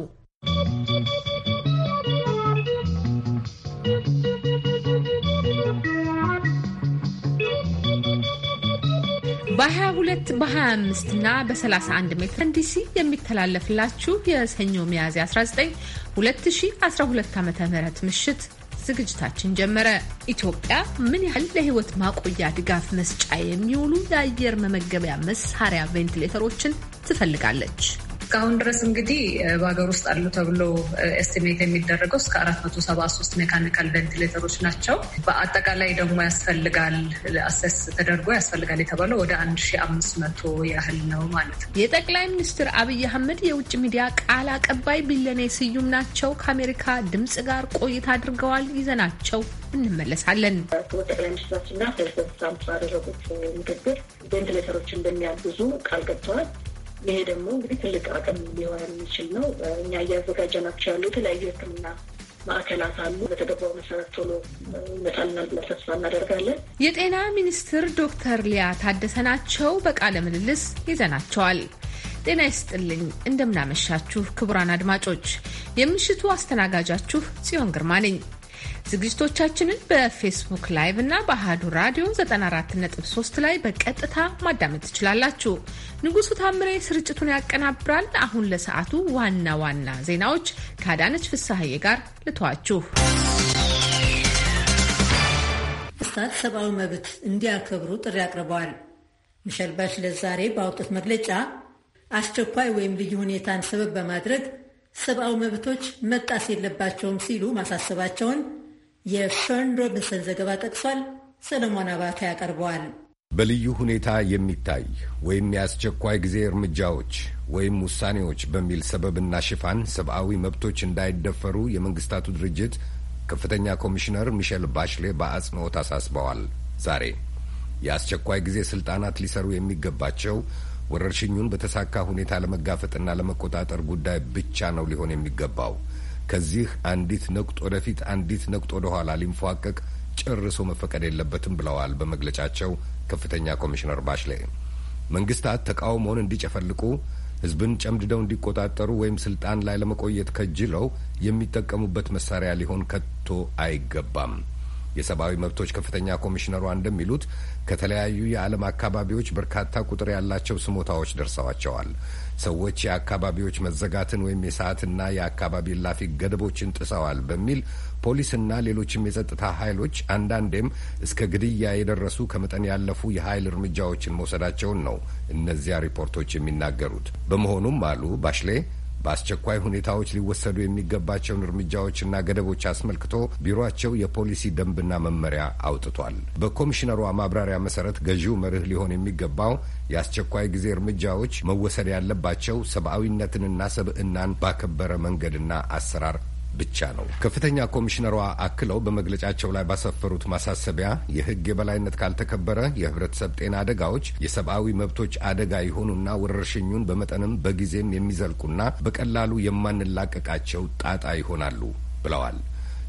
በ22 በ25 እና በ31 ሜትር ዲሲ የሚተላለፍላችሁ የሰኞ ሚያዝያ 19 2012 ዓ ም ምሽት ዝግጅታችን ጀመረ። ኢትዮጵያ ምን ያህል ለህይወት ማቆያ ድጋፍ መስጫ የሚውሉ የአየር መመገቢያ መሳሪያ ቬንቲሌተሮችን ትፈልጋለች? እስካሁን ድረስ እንግዲህ በሀገር ውስጥ አሉ ተብሎ ኤስቲሜት የሚደረገው እስከ 473 ሜካኒካል ቬንቲሌተሮች ናቸው። በአጠቃላይ ደግሞ ያስፈልጋል አሰስ ተደርጎ ያስፈልጋል የተባለው ወደ 1500 ያህል ነው ማለት ነው። የጠቅላይ ሚኒስትር አብይ አህመድ የውጭ ሚዲያ ቃል አቀባይ ቢለኔ ስዩም ናቸው። ከአሜሪካ ድምጽ ጋር ቆይታ አድርገዋል። ይዘናቸው እንመለሳለን። ጠቅላይ ሚኒስትራችንና ፕሬዚደንት ትራምፕ ባደረጉት ንግግር ቬንትሌተሮች እንደሚያግዙ ቃል ገብተዋል። ይሄ ደግሞ እንግዲህ ትልቅ አቅም ሊሆን የሚችል ነው። እኛ እያዘጋጀናቸው ያሉ የተለያዩ ሕክምና ማዕከላት አሉ። በተገባው መሰረት ቶሎ ይመጣልናል ብለን ተስፋ እናደርጋለን። የጤና ሚኒስትር ዶክተር ሊያ ታደሰ ናቸው። በቃለ ምልልስ ይዘናቸዋል። ጤና ይስጥልኝ። እንደምናመሻችሁ ክቡራን አድማጮች፣ የምሽቱ አስተናጋጃችሁ ጽዮን ግርማ ነኝ። ዝግጅቶቻችንን በፌስቡክ ላይቭ እና በአህዱ ራዲዮ 94.3 ላይ በቀጥታ ማዳመጥ ትችላላችሁ። ንጉሱ ታምሬ ስርጭቱን ያቀናብራል። አሁን ለሰዓቱ ዋና ዋና ዜናዎች ከአዳነች ፍስሐዬ ጋር ልተዋችሁ። እስታት ሰብአዊ መብት እንዲያከብሩ ጥሪ አቅርበዋል። ሚሸል ባሽለት ዛሬ ባወጡት መግለጫ አስቸኳይ ወይም ልዩ ሁኔታን ሰበብ በማድረግ ሰብአዊ መብቶች መጣስ የለባቸውም ሲሉ ማሳሰባቸውን የፈርን ሮብንሰን ዘገባ ጠቅሷል። ሰለሞን አባተ ያቀርበዋል። በልዩ ሁኔታ የሚታይ ወይም የአስቸኳይ ጊዜ እርምጃዎች ወይም ውሳኔዎች በሚል ሰበብና ሽፋን ሰብአዊ መብቶች እንዳይደፈሩ የመንግስታቱ ድርጅት ከፍተኛ ኮሚሽነር ሚሸል ባሽሌ በአጽንኦት አሳስበዋል። ዛሬ የአስቸኳይ ጊዜ ስልጣናት ሊሰሩ የሚገባቸው ወረርሽኙን በተሳካ ሁኔታ ለመጋፈጥና ለመቆጣጠር ጉዳይ ብቻ ነው ሊሆን የሚገባው ከዚህ አንዲት ነቁጥ ወደፊት አንዲት ነቁጥ ወደኋላ ሊንፏቀቅ ጨርሶ መፈቀድ የለበትም ብለዋል በመግለጫቸው ከፍተኛ ኮሚሽነር ባሽሌ። መንግስታት ተቃውሞውን እንዲጨፈልቁ ህዝብን ጨምድደው እንዲቆጣጠሩ ወይም ስልጣን ላይ ለመቆየት ከጅለው የሚጠቀሙበት መሳሪያ ሊሆን ከቶ አይገባም። የሰብአዊ መብቶች ከፍተኛ ኮሚሽነሯ እንደሚሉት ከተለያዩ የዓለም አካባቢዎች በርካታ ቁጥር ያላቸው ስሞታዎች ደርሰዋቸዋል። ሰዎች የአካባቢዎች መዘጋትን ወይም የሰዓትና የአካባቢ ላፊ ገደቦችን ጥሰዋል በሚል ፖሊስና ሌሎችም የጸጥታ ኃይሎች አንዳንዴም እስከ ግድያ የደረሱ ከመጠን ያለፉ የኃይል እርምጃዎችን መውሰዳቸውን ነው እነዚያ ሪፖርቶች የሚናገሩት። በመሆኑም አሉ ባሽሌ በአስቸኳይ ሁኔታዎች ሊወሰዱ የሚገባቸውን እርምጃዎችና ገደቦች አስመልክቶ ቢሮአቸው የፖሊሲ ደንብና መመሪያ አውጥቷል። በኮሚሽነሯ ማብራሪያ መሰረት ገዢው መርህ ሊሆን የሚገባው የአስቸኳይ ጊዜ እርምጃዎች መወሰድ ያለባቸው ሰብአዊነትንና ሰብዕናን ባከበረ መንገድና አሰራር ብቻ ነው። ከፍተኛ ኮሚሽነሯ አክለው በመግለጫቸው ላይ ባሰፈሩት ማሳሰቢያ የሕግ የበላይነት ካልተከበረ የህብረተሰብ ጤና አደጋዎች የሰብአዊ መብቶች አደጋ የሆኑና ወረርሽኙን በመጠንም በጊዜም የሚዘልቁና በቀላሉ የማንላቀቃቸው ጣጣ ይሆናሉ ብለዋል።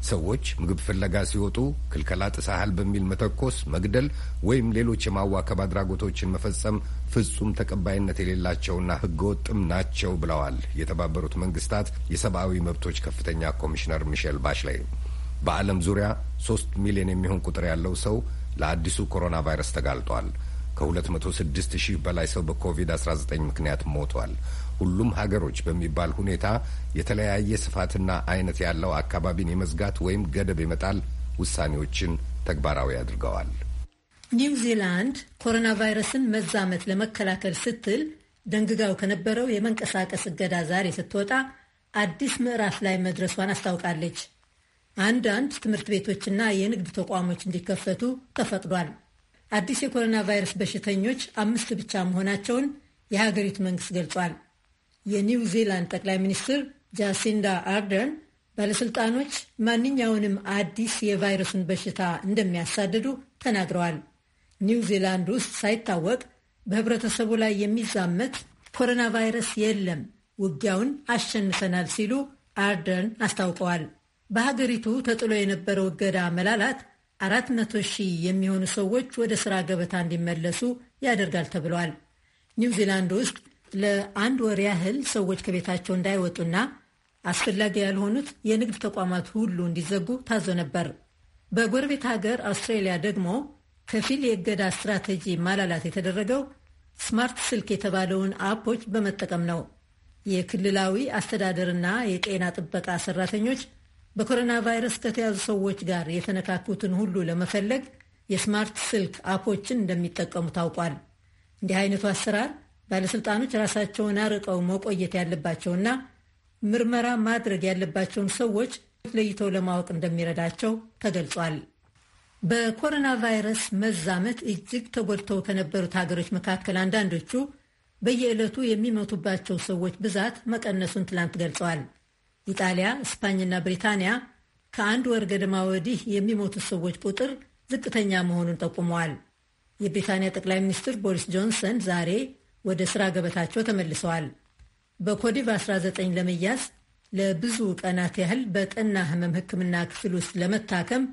ሰዎች ምግብ ፍለጋ ሲወጡ ክልከላ ጥሰሃል በሚል መተኮስ፣ መግደል ወይም ሌሎች የማዋከብ አድራጎቶችን መፈጸም ፍጹም ተቀባይነት የሌላቸውና ህገወጥም ናቸው ብለዋል የተባበሩት መንግስታት የሰብአዊ መብቶች ከፍተኛ ኮሚሽነር ሚሼል ባሽላይ። በዓለም ዙሪያ ሶስት ሚሊዮን የሚሆን ቁጥር ያለው ሰው ለአዲሱ ኮሮና ቫይረስ ተጋልጧል። ከ206 ሺህ በላይ ሰው በኮቪድ-19 ምክንያት ሞቷል። ሁሉም ሀገሮች በሚባል ሁኔታ የተለያየ ስፋትና አይነት ያለው አካባቢን የመዝጋት ወይም ገደብ የመጣል ውሳኔዎችን ተግባራዊ አድርገዋል። ኒው ዚላንድ ኮሮና ቫይረስን መዛመት ለመከላከል ስትል ደንግጋው ከነበረው የመንቀሳቀስ እገዳ ዛሬ ስትወጣ አዲስ ምዕራፍ ላይ መድረሷን አስታውቃለች። አንዳንድ ትምህርት ቤቶችና የንግድ ተቋሞች እንዲከፈቱ ተፈቅዷል። አዲስ የኮሮና ቫይረስ በሽተኞች አምስት ብቻ መሆናቸውን የሀገሪቱ መንግስት ገልጿል። የኒው ዚላንድ ጠቅላይ ሚኒስትር ጃሲንዳ አርደርን ባለሥልጣኖች ማንኛውንም አዲስ የቫይረሱን በሽታ እንደሚያሳድዱ ተናግረዋል። ኒው ዚላንድ ውስጥ ሳይታወቅ በህብረተሰቡ ላይ የሚዛመት ኮሮና ቫይረስ የለም፣ ውጊያውን አሸንፈናል ሲሉ አርደርን አስታውቀዋል። በሀገሪቱ ተጥሎ የነበረው እገዳ መላላት 400 ሺህ የሚሆኑ ሰዎች ወደ ሥራ ገበታ እንዲመለሱ ያደርጋል ተብሏል። ኒውዚላንድ ውስጥ ለአንድ ወር ያህል ሰዎች ከቤታቸው እንዳይወጡና አስፈላጊ ያልሆኑት የንግድ ተቋማት ሁሉ እንዲዘጉ ታዞ ነበር። በጎረቤት ሀገር አውስትሬሊያ ደግሞ ከፊል የእገዳ ስትራቴጂ ማላላት የተደረገው ስማርት ስልክ የተባለውን አፖች በመጠቀም ነው። የክልላዊ አስተዳደርና የጤና ጥበቃ ሰራተኞች በኮሮና ቫይረስ ከተያዙ ሰዎች ጋር የተነካኩትን ሁሉ ለመፈለግ የስማርት ስልክ አፖችን እንደሚጠቀሙ ታውቋል። እንዲህ አይነቱ አሰራር ባለስልጣኖች ራሳቸውን አርቀው መቆየት ያለባቸውና ምርመራ ማድረግ ያለባቸውን ሰዎች ለይተው ለማወቅ እንደሚረዳቸው ተገልጿል። በኮሮና ቫይረስ መዛመት እጅግ ተጎድተው ከነበሩት ሀገሮች መካከል አንዳንዶቹ በየዕለቱ የሚሞቱባቸው ሰዎች ብዛት መቀነሱን ትላንት ገልጸዋል። ኢጣሊያ፣ እስፓኝና ብሪታንያ ከአንድ ወር ገደማ ወዲህ የሚሞቱት ሰዎች ቁጥር ዝቅተኛ መሆኑን ጠቁመዋል። የብሪታንያ ጠቅላይ ሚኒስትር ቦሪስ ጆንሰን ዛሬ ወደ ስራ ገበታቸው ተመልሰዋል። በኮዲቭ 19 ለመያዝ ለብዙ ቀናት ያህል በጠና ህመም ሕክምና ክፍል ውስጥ ለመታከም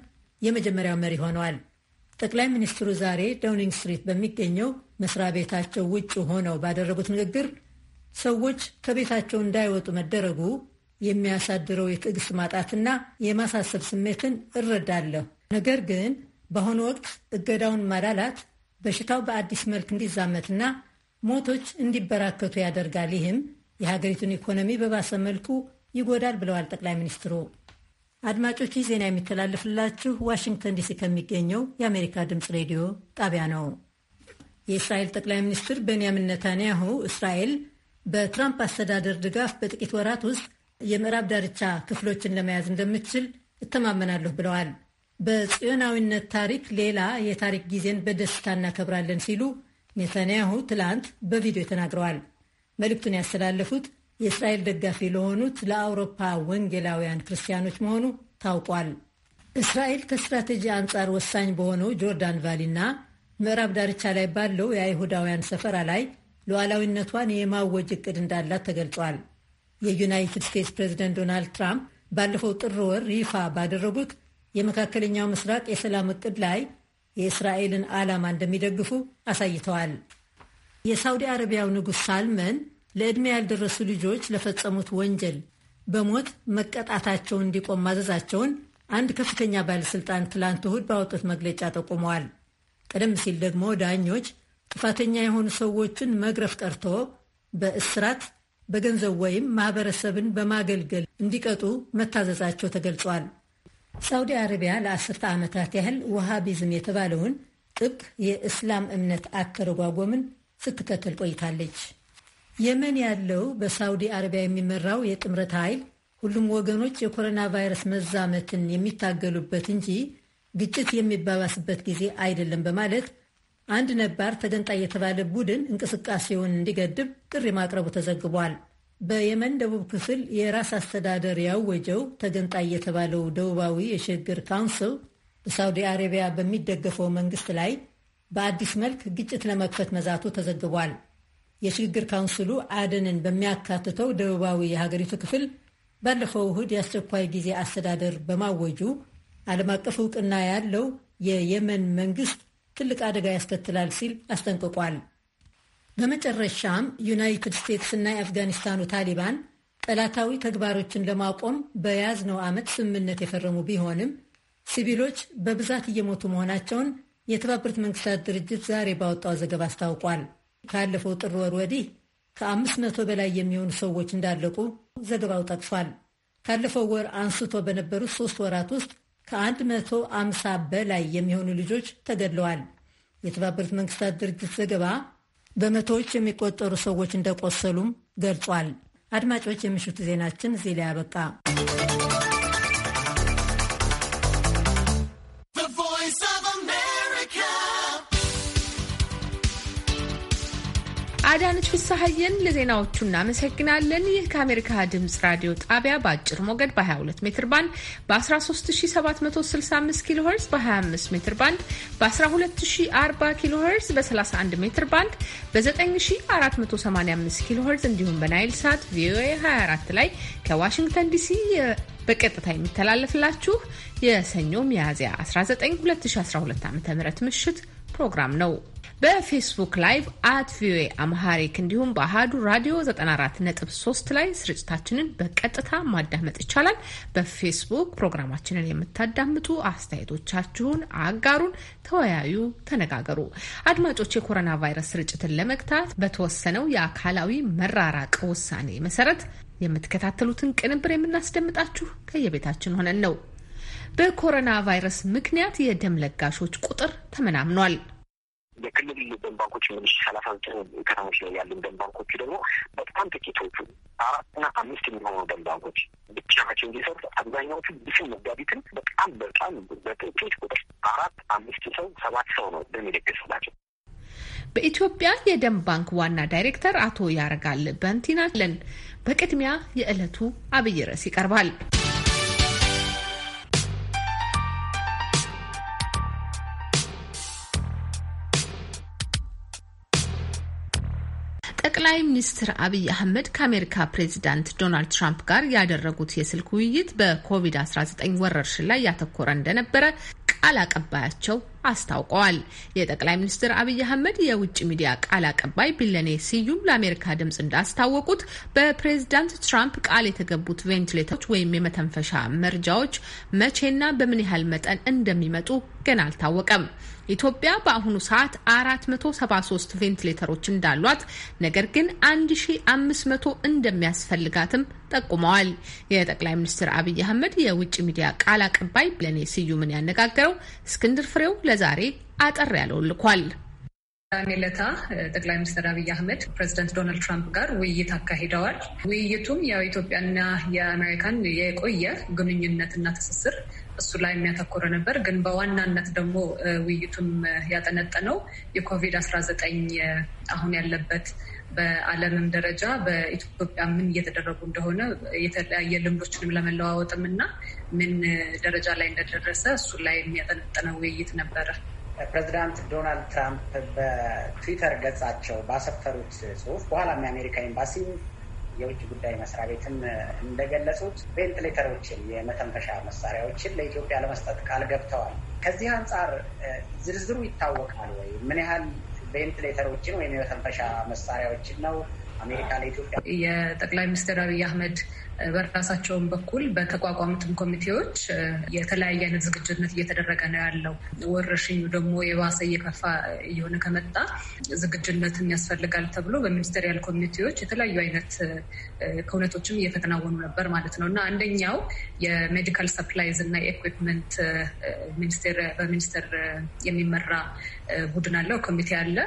የመጀመሪያው መሪ ሆነዋል። ጠቅላይ ሚኒስትሩ ዛሬ ዳውኒንግ ስትሪት በሚገኘው መስሪያ ቤታቸው ውጭ ሆነው ባደረጉት ንግግር ሰዎች ከቤታቸው እንዳይወጡ መደረጉ የሚያሳድረው የትዕግስት ማጣትና የማሳሰብ ስሜትን እረዳለሁ፣ ነገር ግን በአሁኑ ወቅት እገዳውን ማላላት በሽታው በአዲስ መልክ እንዲዛመትና ሞቶች እንዲበራከቱ ያደርጋል። ይህም የሀገሪቱን ኢኮኖሚ በባሰ መልኩ ይጎዳል ብለዋል ጠቅላይ ሚኒስትሩ። አድማጮች፣ ዜና የሚተላለፍላችሁ ዋሽንግተን ዲሲ ከሚገኘው የአሜሪካ ድምፅ ሬዲዮ ጣቢያ ነው። የእስራኤል ጠቅላይ ሚኒስትር ቤንያሚን ነታንያሁ እስራኤል በትራምፕ አስተዳደር ድጋፍ በጥቂት ወራት ውስጥ የምዕራብ ዳርቻ ክፍሎችን ለመያዝ እንደምትችል እተማመናለሁ ብለዋል። በጽዮናዊነት ታሪክ ሌላ የታሪክ ጊዜን በደስታ እናከብራለን ሲሉ ኔታንያሁ ትላንት በቪዲዮ ተናግረዋል። መልእክቱን ያስተላለፉት የእስራኤል ደጋፊ ለሆኑት ለአውሮፓ ወንጌላውያን ክርስቲያኖች መሆኑ ታውቋል። እስራኤል ከስትራቴጂ አንጻር ወሳኝ በሆነው ጆርዳን ቫሊና ምዕራብ ዳርቻ ላይ ባለው የአይሁዳውያን ሰፈራ ላይ ሉዓላዊነቷን የማወጅ እቅድ እንዳላት ተገልጿል። የዩናይትድ ስቴትስ ፕሬዚደንት ዶናልድ ትራምፕ ባለፈው ጥር ወር ይፋ ባደረጉት የመካከለኛው ምስራቅ የሰላም እቅድ ላይ የእስራኤልን ዓላማ እንደሚደግፉ አሳይተዋል። የሳውዲ አረቢያው ንጉሥ ሳልመን ለዕድሜ ያልደረሱ ልጆች ለፈጸሙት ወንጀል በሞት መቀጣታቸው እንዲቆም ማዘዛቸውን አንድ ከፍተኛ ባለሥልጣን ትላንት እሁድ ባወጡት መግለጫ ጠቁመዋል። ቀደም ሲል ደግሞ ዳኞች ጥፋተኛ የሆኑ ሰዎችን መግረፍ ቀርቶ በእስራት በገንዘብ ወይም ማህበረሰብን በማገልገል እንዲቀጡ መታዘዛቸው ተገልጿል። ሳውዲ አረቢያ ለአስርተ ዓመታት ያህል ወሃቢዝም የተባለውን ጥብቅ የእስላም እምነት አተረጓጎምን ስትከተል ቆይታለች። የመን ያለው በሳውዲ አረቢያ የሚመራው የጥምረት ኃይል ሁሉም ወገኖች የኮሮና ቫይረስ መዛመትን የሚታገሉበት እንጂ ግጭት የሚባባስበት ጊዜ አይደለም በማለት አንድ ነባር ተገንጣይ የተባለ ቡድን እንቅስቃሴውን እንዲገድብ ጥሪ ማቅረቡ ተዘግቧል። በየመን ደቡብ ክፍል የራስ አስተዳደር ያወጀው ተገንጣይ የተባለው ደቡባዊ የሽግግር ካውንስል በሳውዲ አረቢያ በሚደገፈው መንግስት ላይ በአዲስ መልክ ግጭት ለመክፈት መዛቱ ተዘግቧል። የሽግግር ካውንስሉ አደንን በሚያካትተው ደቡባዊ የሀገሪቱ ክፍል ባለፈው እሁድ የአስቸኳይ ጊዜ አስተዳደር በማወጁ ዓለም አቀፍ እውቅና ያለው የየመን መንግስት ትልቅ አደጋ ያስከትላል ሲል አስጠንቅቋል። በመጨረሻም ዩናይትድ እና የአፍጋኒስታኑ ታሊባን ጠላታዊ ተግባሮችን ለማቆም በያዝነው ዓመት ስምምነት የፈረሙ ቢሆንም ሲቪሎች በብዛት እየሞቱ መሆናቸውን የተባበሩት መንግስታት ድርጅት ዛሬ ባወጣው ዘገባ አስታውቋል። ካለፈው ጥር ወር ወዲህ ከ500 በላይ የሚሆኑ ሰዎች እንዳለቁ ዘገባው ጠቅሷል። ካለፈው ወር አንስቶ በነበሩት ሶስት ወራት ውስጥ ከ150 በላይ የሚሆኑ ልጆች ተገድለዋል። የተባበሩት መንግስታት ድርጅት ዘገባ በመቶዎች የሚቆጠሩ ሰዎች እንደቆሰሉም ገልጿል። አድማጮች፣ የምሽቱ ዜናችን እዚህ ላይ አበቃ። አዳነች ፍስሐየን ለዜናዎቹ እናመሰግናለን። ይህ ከአሜሪካ ድምጽ ራዲዮ ጣቢያ በአጭር ሞገድ በ22 ሜትር ባንድ በ13765 ኪሎ ሄርዝ በ25 ሜትር ባንድ በ1240 ኪሎ ሄርዝ በ31 ሜትር ባንድ በ9485 ኪሎ ሄርዝ እንዲሁም በናይል ሳት ቪኦኤ 24 ላይ ከዋሽንግተን ዲሲ በቀጥታ የሚተላለፍላችሁ የሰኞ ሚያዝያ 19 2012 ዓ ም ምሽት ፕሮግራም ነው። በፌስቡክ ላይቭ አት ቪኦኤ አምሃሪክ እንዲሁም በአህዱ ራዲዮ 94.3 ላይ ስርጭታችንን በቀጥታ ማዳመጥ ይቻላል። በፌስቡክ ፕሮግራማችንን የምታዳምጡ አስተያየቶቻችሁን አጋሩን፣ ተወያዩ፣ ተነጋገሩ። አድማጮች፣ የኮሮና ቫይረስ ስርጭትን ለመግታት በተወሰነው የአካላዊ መራራቅ ውሳኔ መሰረት የምትከታተሉትን ቅንብር የምናስደምጣችሁ ከየቤታችን ሆነን ነው። በኮሮና ቫይረስ ምክንያት የደም ለጋሾች ቁጥር ተመናምኗል። የክልል ደን ባንኮች እንግዲህ ሰላሳ ዘጠኝ ከተሞች ላይ ያሉ ደን ባንኮቹ ደግሞ በጣም ጥቂቶቹ አራትና አምስት የሚሆኑ ደን ባንኮች ብቻ ናቸው እንዲሰሩት። አብዛኛዎቹ ድፍን መጋቢትን በጣም በጣም በጥቂት ቁጥር አራት አምስት ሰው ሰባት ሰው ነው ደም የደገሰላቸው። በኢትዮጵያ የደን ባንክ ዋና ዳይሬክተር አቶ ያረጋል በንቲናለን በቅድሚያ የዕለቱ አብይ ርዕስ ይቀርባል። ጠቅላይ ሚኒስትር አብይ አህመድ ከአሜሪካ ፕሬዚዳንት ዶናልድ ትራምፕ ጋር ያደረጉት የስልክ ውይይት በኮቪድ-19 ወረርሽኝ ላይ ያተኮረ እንደነበረ ቃል አቀባያቸው አስታውቀዋል። የጠቅላይ ሚኒስትር አብይ አህመድ የውጭ ሚዲያ ቃል አቀባይ ቢለኔ ስዩም ለአሜሪካ ድምፅ እንዳስታወቁት በፕሬዝዳንት ትራምፕ ቃል የተገቡት ቬንቲሌተሮች ወይም የመተንፈሻ መርጃዎች መቼና በምን ያህል መጠን እንደሚመጡ ገና አልታወቀም። ኢትዮጵያ በአሁኑ ሰዓት 473 ቬንቲሌተሮች እንዳሏት ነገር ግን 1500 እንደሚያስፈልጋትም ጠቁመዋል። የጠቅላይ ሚኒስትር አብይ አህመድ የውጭ ሚዲያ ቃል አቀባይ ብለኔ ስዩምን ያነጋገረው እስክንድር ፍሬው ለዛሬ አጠር ያለው ልኳል። ቅዳሜ ጠቅላይ ሚኒስትር አብይ አህመድ ፕሬዚደንት ዶናልድ ትራምፕ ጋር ውይይት አካሂደዋል። ውይይቱም የኢትዮጵያና የአሜሪካን የቆየ ግንኙነትና ትስስር እሱ ላይ የሚያተኮረ ነበር። ግን በዋናነት ደግሞ ውይይቱም ያጠነጠነው የኮቪድ አስራ ዘጠኝ አሁን ያለበት በዓለምም ደረጃ በኢትዮጵያ ምን እየተደረጉ እንደሆነ የተለያየ ልምዶችንም ለመለዋወጥም እና ምን ደረጃ ላይ እንደደረሰ እሱ ላይ የሚያጠነጠነ ውይይት ነበረ። ፕሬዚዳንት ዶናልድ ትራምፕ በትዊተር ገጻቸው ባሰፈሩት ጽሁፍ በኋላም የአሜሪካ ኤምባሲ የውጭ ጉዳይ መስሪያ ቤትም እንደገለጹት ቬንትሌተሮችን፣ የመተንፈሻ መሳሪያዎችን ለኢትዮጵያ ለመስጠት ቃል ገብተዋል። ከዚህ አንጻር ዝርዝሩ ይታወቃል ወይ? ምን ያህል ቬንትሌተሮችን ወይም የመተንፈሻ መሳሪያዎችን ነው አሜሪካ ለኢትዮጵያ የጠቅላይ ሚኒስትር አብይ አህመድ በራሳቸውም በኩል በተቋቋሙትም ኮሚቴዎች የተለያየ አይነት ዝግጅነት እየተደረገ ነው ያለው። ወረርሽኙ ደግሞ የባሰ እየከፋ እየሆነ ከመጣ ዝግጁነትም ያስፈልጋል ተብሎ በሚኒስቴሪያል ኮሚቴዎች የተለያዩ አይነት ክውነቶችም እየተከናወኑ ነበር ማለት ነው እና አንደኛው የሜዲካል ሰፕላይዝ እና የኢኩፕመንት በሚኒስቴር የሚመራ ቡድን አለው ኮሚቴ አለ።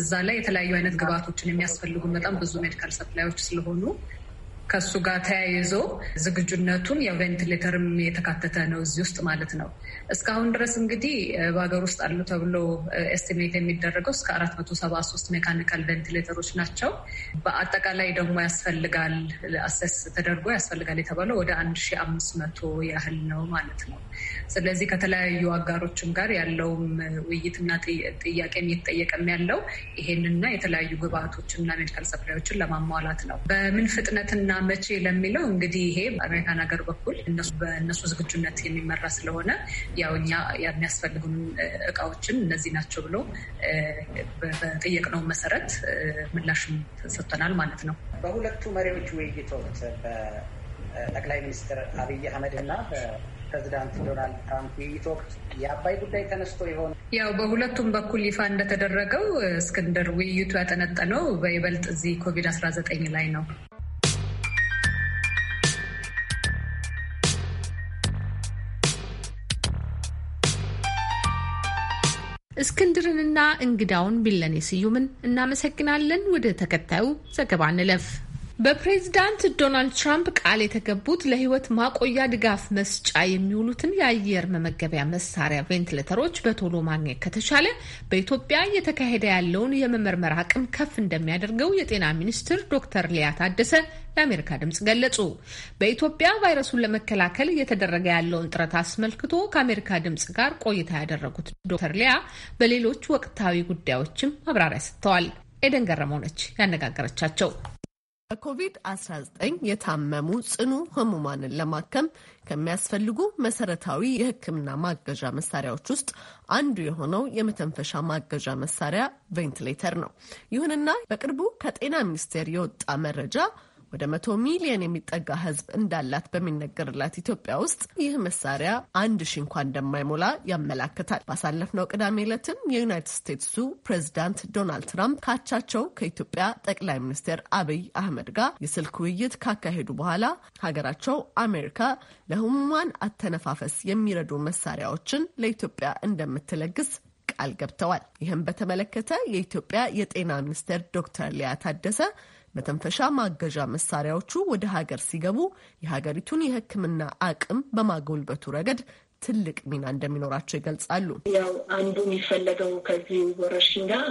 እዛ ላይ የተለያዩ አይነት ግብዓቶችን የሚያስፈልጉን በጣም ብዙ ሜዲካል ሰፕላዮች ስለሆኑ ከሱ ጋር ተያይዞ ዝግጁነቱን የቬንቲሌተርም የተካተተ ነው እዚህ ውስጥ ማለት ነው። እስካሁን ድረስ እንግዲህ በሀገር ውስጥ አሉ ተብሎ ኤስቲሜት የሚደረገው እስከ 473 ሜካኒካል ቬንቲሌተሮች ናቸው። በአጠቃላይ ደግሞ ያስፈልጋል አሰስ ተደርጎ ያስፈልጋል የተባለው ወደ 1500 ያህል ነው ማለት ነው። ስለዚህ ከተለያዩ አጋሮችም ጋር ያለውም ውይይትና ጥያቄ እየተጠየቀም ያለው ይሄንና የተለያዩ ግብአቶችንና ሜዲካል ሰፕላዮችን ለማሟላት ነው። በምን ፍጥነትና መቼ ለሚለው እንግዲህ ይሄ በአሜሪካን ሀገር በኩል በእነሱ ዝግጁነት የሚመራ ስለሆነ ያው እኛ የሚያስፈልጉን እቃዎችን እነዚህ ናቸው ብሎ በጠየቅነው መሰረት ምላሽም ሰጥተናል ማለት ነው። በሁለቱ መሪዎች ውይይቶች በጠቅላይ ሚኒስትር አብይ አህመድ እና ፕሬዚዳንት ዶናልድ ትራምፕ ውይይት ወቅት የአባይ ጉዳይ ተነስቶ የሆነ ያው በሁለቱም በኩል ይፋ እንደተደረገው እስክንድር ውይይቱ ያጠነጠነው በይበልጥ እዚህ ኮቪድ አስራ ዘጠኝ ላይ ነው። እስክንድርንና እንግዳውን ቢለኔ ስዩምን እናመሰግናለን። ወደ ተከታዩ ዘገባ እንለፍ። በፕሬዚዳንት ዶናልድ ትራምፕ ቃል የተገቡት ለሕይወት ማቆያ ድጋፍ መስጫ የሚውሉትን የአየር መመገቢያ መሳሪያ ቬንትሌተሮች በቶሎ ማግኘት ከተቻለ በኢትዮጵያ እየተካሄደ ያለውን የመመርመር አቅም ከፍ እንደሚያደርገው የጤና ሚኒስትር ዶክተር ሊያ ታደሰ ለአሜሪካ ድምጽ ገለጹ። በኢትዮጵያ ቫይረሱን ለመከላከል እየተደረገ ያለውን ጥረት አስመልክቶ ከአሜሪካ ድምጽ ጋር ቆይታ ያደረጉት ዶክተር ሊያ በሌሎች ወቅታዊ ጉዳዮችም ማብራሪያ ሰጥተዋል። ኤደን ገረመው ነች ያነጋገረቻቸው። በኮቪድ-19 የታመሙ ጽኑ ህሙማንን ለማከም ከሚያስፈልጉ መሰረታዊ የህክምና ማገዣ መሳሪያዎች ውስጥ አንዱ የሆነው የመተንፈሻ ማገዣ መሳሪያ ቬንትሌተር ነው። ይሁንና በቅርቡ ከጤና ሚኒስቴር የወጣ መረጃ ወደ መቶ ሚሊዮን የሚጠጋ ህዝብ እንዳላት በሚነገርላት ኢትዮጵያ ውስጥ ይህ መሳሪያ አንድ ሺ እንኳ እንደማይሞላ ያመላክታል። ባሳለፍነው ቅዳሜ ዕለትም የዩናይትድ ስቴትሱ ፕሬዚዳንት ዶናልድ ትራምፕ ካቻቸው ከኢትዮጵያ ጠቅላይ ሚኒስትር አብይ አህመድ ጋር የስልክ ውይይት ካካሄዱ በኋላ ሀገራቸው አሜሪካ ለህሙማን አተነፋፈስ የሚረዱ መሳሪያዎችን ለኢትዮጵያ እንደምትለግስ ቃል ገብተዋል። ይህም በተመለከተ የኢትዮጵያ የጤና ሚኒስቴር ዶክተር ሊያ ታደሰ መተንፈሻ ማገዣ መሳሪያዎቹ ወደ ሀገር ሲገቡ የሀገሪቱን የሕክምና አቅም በማጎልበቱ ረገድ ትልቅ ሚና እንደሚኖራቸው ይገልጻሉ። ያው አንዱ የሚፈለገው ከዚህ ወረርሽኝ ጋር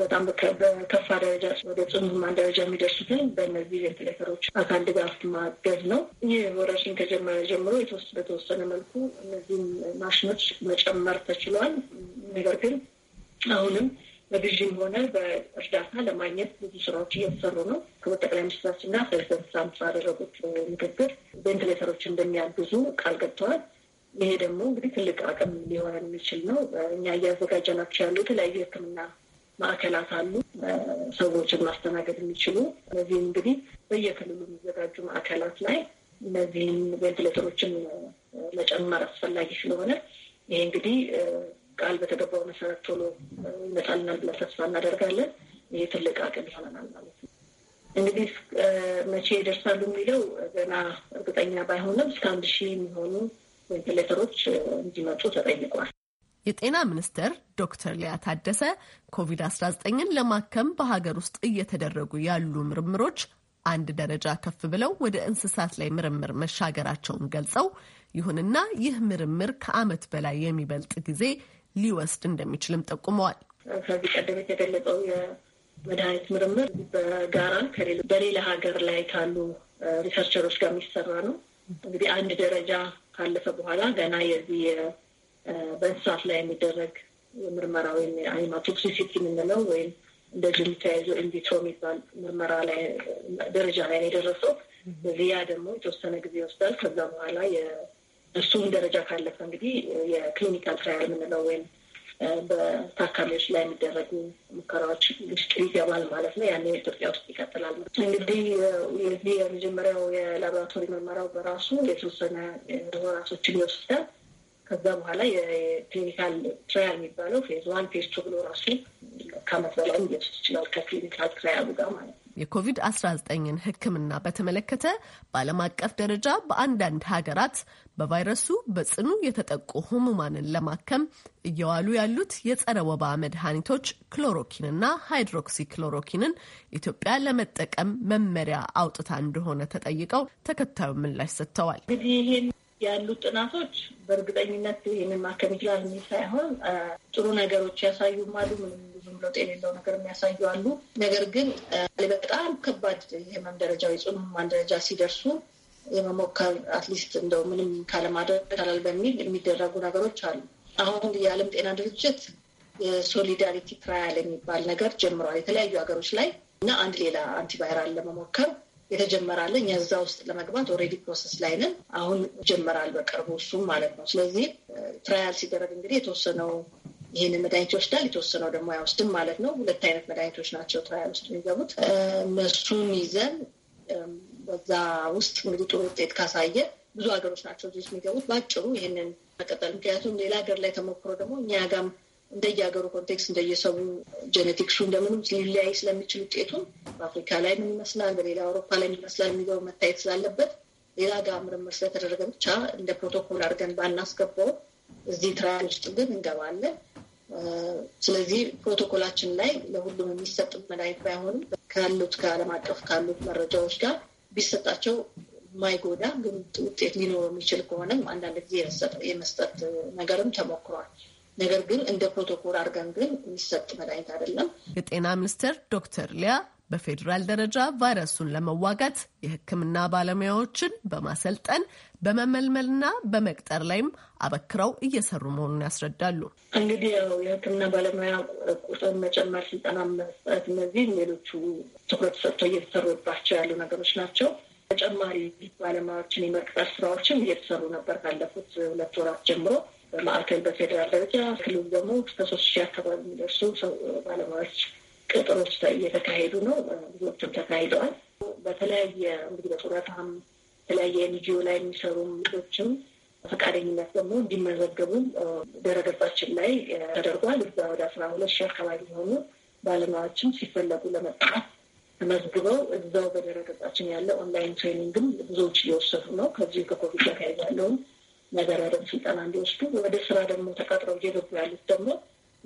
በጣም በከፋ ደረጃ ወደ ጽኑ ህሙማን ደረጃ የሚደርሱትን በእነዚህ ቬንትሌተሮች አካል ድጋፍ ማገዝ ነው። ይህ ወረርሽኝ ከጀመረ ጀምሮ በተወሰነ መልኩ እነዚህም ማሽኖች መጨመር ተችሏል። ነገር ግን አሁንም በግዥም ሆነ በእርዳታ ለማግኘት ብዙ ስራዎች እየተሰሩ ነው። ክቡር ጠቅላይ ሚኒስትራችን እና ፕሬዚደንት ትራምፕ ባደረጉት ንግግር ቬንትሌተሮች እንደሚያግዙ ቃል ገብተዋል። ይሄ ደግሞ እንግዲህ ትልቅ አቅም ሊሆን የሚችል ነው። እኛ እያዘጋጀናቸው ያሉ የተለያዩ የሕክምና ማዕከላት አሉ፣ ሰዎችን ማስተናገድ የሚችሉ እነዚህም እንግዲህ በየክልሉ የሚዘጋጁ ማዕከላት ላይ እነዚህም ቬንትሌተሮችን መጨመር አስፈላጊ ስለሆነ ይሄ እንግዲህ ቃል በተገባው መሰረት ቶሎ ይመጣልናል ብለን ተስፋ እናደርጋለን። ይህ ትልቅ አቅም ይሆነናል ማለት ነው። እንግዲህ መቼ ይደርሳሉ የሚለው ገና እርግጠኛ ባይሆንም እስከ አንድ ሺህ የሚሆኑ ቬንትሌተሮች እንዲመጡ ተጠይቋል። የጤና ሚኒስቴር ዶክተር ሊያ ታደሰ ኮቪድ-19ን ለማከም በሀገር ውስጥ እየተደረጉ ያሉ ምርምሮች አንድ ደረጃ ከፍ ብለው ወደ እንስሳት ላይ ምርምር መሻገራቸውን ገልጸው ይሁንና ይህ ምርምር ከዓመት በላይ የሚበልጥ ጊዜ ሊወስድ እንደሚችልም ጠቁመዋል። ከዚህ ቀደም የተገለጸው የመድኃኒት ምርምር በጋራ በሌላ ሀገር ላይ ካሉ ሪሰርቸሮች ጋር የሚሰራ ነው። እንግዲህ አንድ ደረጃ ካለፈ በኋላ ገና የዚህ በእንስሳት ላይ የሚደረግ ምርመራ ወይም አኒማል ቶክሲሲቲ የምንለው ወይም እንደዚህ ተያይዞ ኢንቪትሮ የሚባል ምርመራ ላይ ደረጃ ላይ ነው የደረሰው። በዚያ ደግሞ የተወሰነ ጊዜ ይወስዳል። ከዛ በኋላ እሱም ደረጃ ካለፈ እንግዲህ የክሊኒካል ትራያል የምንለው ወይም በታካሚዎች ላይ የሚደረጉ ሙከራዎች ውስጥ ይገባል ማለት ነው። ያኔ ኢትዮጵያ ውስጥ ይቀጥላል። እንግዲህ የዚህ የመጀመሪያው የላቦራቶሪ ምርመራው በራሱ የተወሰነ ወራቶችን ይወስዳል። ከዛ በኋላ የክሊኒካል ትራያል የሚባለው ፌዝ ዋን ፌዝ ቱ ብሎ ራሱ ከዓመት በላይ ሊወስድ ይችላል ከክሊኒካል ትራያሉ ጋር ማለት ነው። የኮቪድ-19ን ሕክምና በተመለከተ በዓለም አቀፍ ደረጃ በአንዳንድ ሀገራት በቫይረሱ በጽኑ የተጠቁ ህሙማንን ለማከም እየዋሉ ያሉት የጸረ ወባ መድኃኒቶች ክሎሮኪንና ሃይድሮክሲ ክሎሮኪንን ኢትዮጵያ ለመጠቀም መመሪያ አውጥታ እንደሆነ ተጠይቀው ተከታዩ ምላሽ ሰጥተዋል። እንግዲህ ይህን ያሉ ጥናቶች በእርግጠኝነት ይህንን ማከም ይችላል የሚል ሳይሆን ጥሩ ነገሮች ያሳዩም አሉ፣ ምንም ብዙም ለውጥ የሌለው ነገር የሚያሳዩ አሉ። ነገር ግን በጣም ከባድ የህመም ደረጃ የጽኑ ህሙማን ደረጃ ሲደርሱ የመሞከር አትሊስት እንደው ምንም ካለማድረግ ይቻላል በሚል የሚደረጉ ነገሮች አሉ። አሁን የዓለም ጤና ድርጅት የሶሊዳሪቲ ትራያል የሚባል ነገር ጀምረዋል የተለያዩ ሀገሮች ላይ እና አንድ ሌላ አንቲቫይራል ለመሞከር የተጀመራለ እኛ እዛ ውስጥ ለመግባት ኦልሬዲ ፕሮሰስ ላይ ነን። አሁን ጀመራል በቅርቡ እሱም ማለት ነው። ስለዚህ ትራያል ሲደረግ እንግዲህ የተወሰነው ይህንን መድኃኒት ይወስዳል፣ የተወሰነው ደግሞ አይወስድም ማለት ነው። ሁለት አይነት መድኃኒቶች ናቸው ትራያል ውስጥ የሚገቡት። እነሱን ይዘን በዛ ውስጥ እንግዲህ ጥሩ ውጤት ካሳየ ብዙ ሀገሮች ናቸው እዚህ የሚገቡት። በአጭሩ ይህንን መቀጠል ምክንያቱም ሌላ ሀገር ላይ ተሞክሮ ደግሞ እኛ ጋም እንደየሀገሩ ኮንቴክስት እንደየሰቡ ጀኔቲክሱ እንደምንም ሊለያይ ስለሚችል ውጤቱን በአፍሪካ ላይ ምን ይመስላል፣ በሌላ አውሮፓ ላይ ምን ይመስላል የሚለው መታየት ስላለበት ሌላ ጋር ምርምር ስለተደረገ ብቻ እንደ ፕሮቶኮል አድርገን ባናስገባው እዚህ ትራያል ውስጥ ግን እንገባለን። ስለዚህ ፕሮቶኮላችን ላይ ለሁሉም የሚሰጥ መድኃኒት ባይሆንም ካሉት ከዓለም አቀፍ ካሉት መረጃዎች ጋር ቢሰጣቸው ማይጎዳ ግን ውጤት ሊኖረው የሚችል ከሆነም አንዳንድ ጊዜ የመስጠት ነገርም ተሞክሯል። ነገር ግን እንደ ፕሮቶኮል አድርገን ግን የሚሰጥ መድኃኒት አይደለም። የጤና ሚኒስትር ዶክተር ሊያ በፌዴራል ደረጃ ቫይረሱን ለመዋጋት የሕክምና ባለሙያዎችን በማሰልጠን በመመልመልና በመቅጠር ላይም አበክረው እየሰሩ መሆኑን ያስረዳሉ። እንግዲህ ያው የሕክምና ባለሙያ ቁጥር መጨመር፣ ስልጠና መስጠት፣ እነዚህ ሌሎቹ ትኩረት ሰጥቶ እየተሰሩባቸው ያሉ ነገሮች ናቸው። ተጨማሪ ባለሙያዎችን የመቅጠር ስራዎችም እየተሰሩ ነበር ካለፉት ሁለት ወራት ጀምሮ በማዕከል በፌዴራል ደረጃ ክልሉ ደግሞ እስከ ሶስት ሺህ አካባቢ የሚደርሱ ባለሙያዎች ቅጥሮች እየተካሄዱ ነው። ብዙዎቹም ተካሂደዋል። በተለያየ እንግዲህ በጡረታም የተለያየ ኤንጂኦ ላይ የሚሰሩ ልጆችም ፈቃደኝነት ደግሞ እንዲመዘገቡም ድረገጻችን ላይ ተደርጓል። እዛ ወደ አስራ ሁለት ሺህ አካባቢ የሆኑ ባለሙያዎችም ሲፈለጉ ለመጣት ተመዝግበው እዛው በድረገጻችን ያለ ኦንላይን ትሬኒንግም ብዙዎች እየወሰዱ ነው። ከዚህ ከኮቪድ ተያይዞ ያለውን ነገር ያደም ስልጠና እንዲወስዱ ወደ ስራ ደግሞ ተቀጥረው እየገቡ ያሉት ደግሞ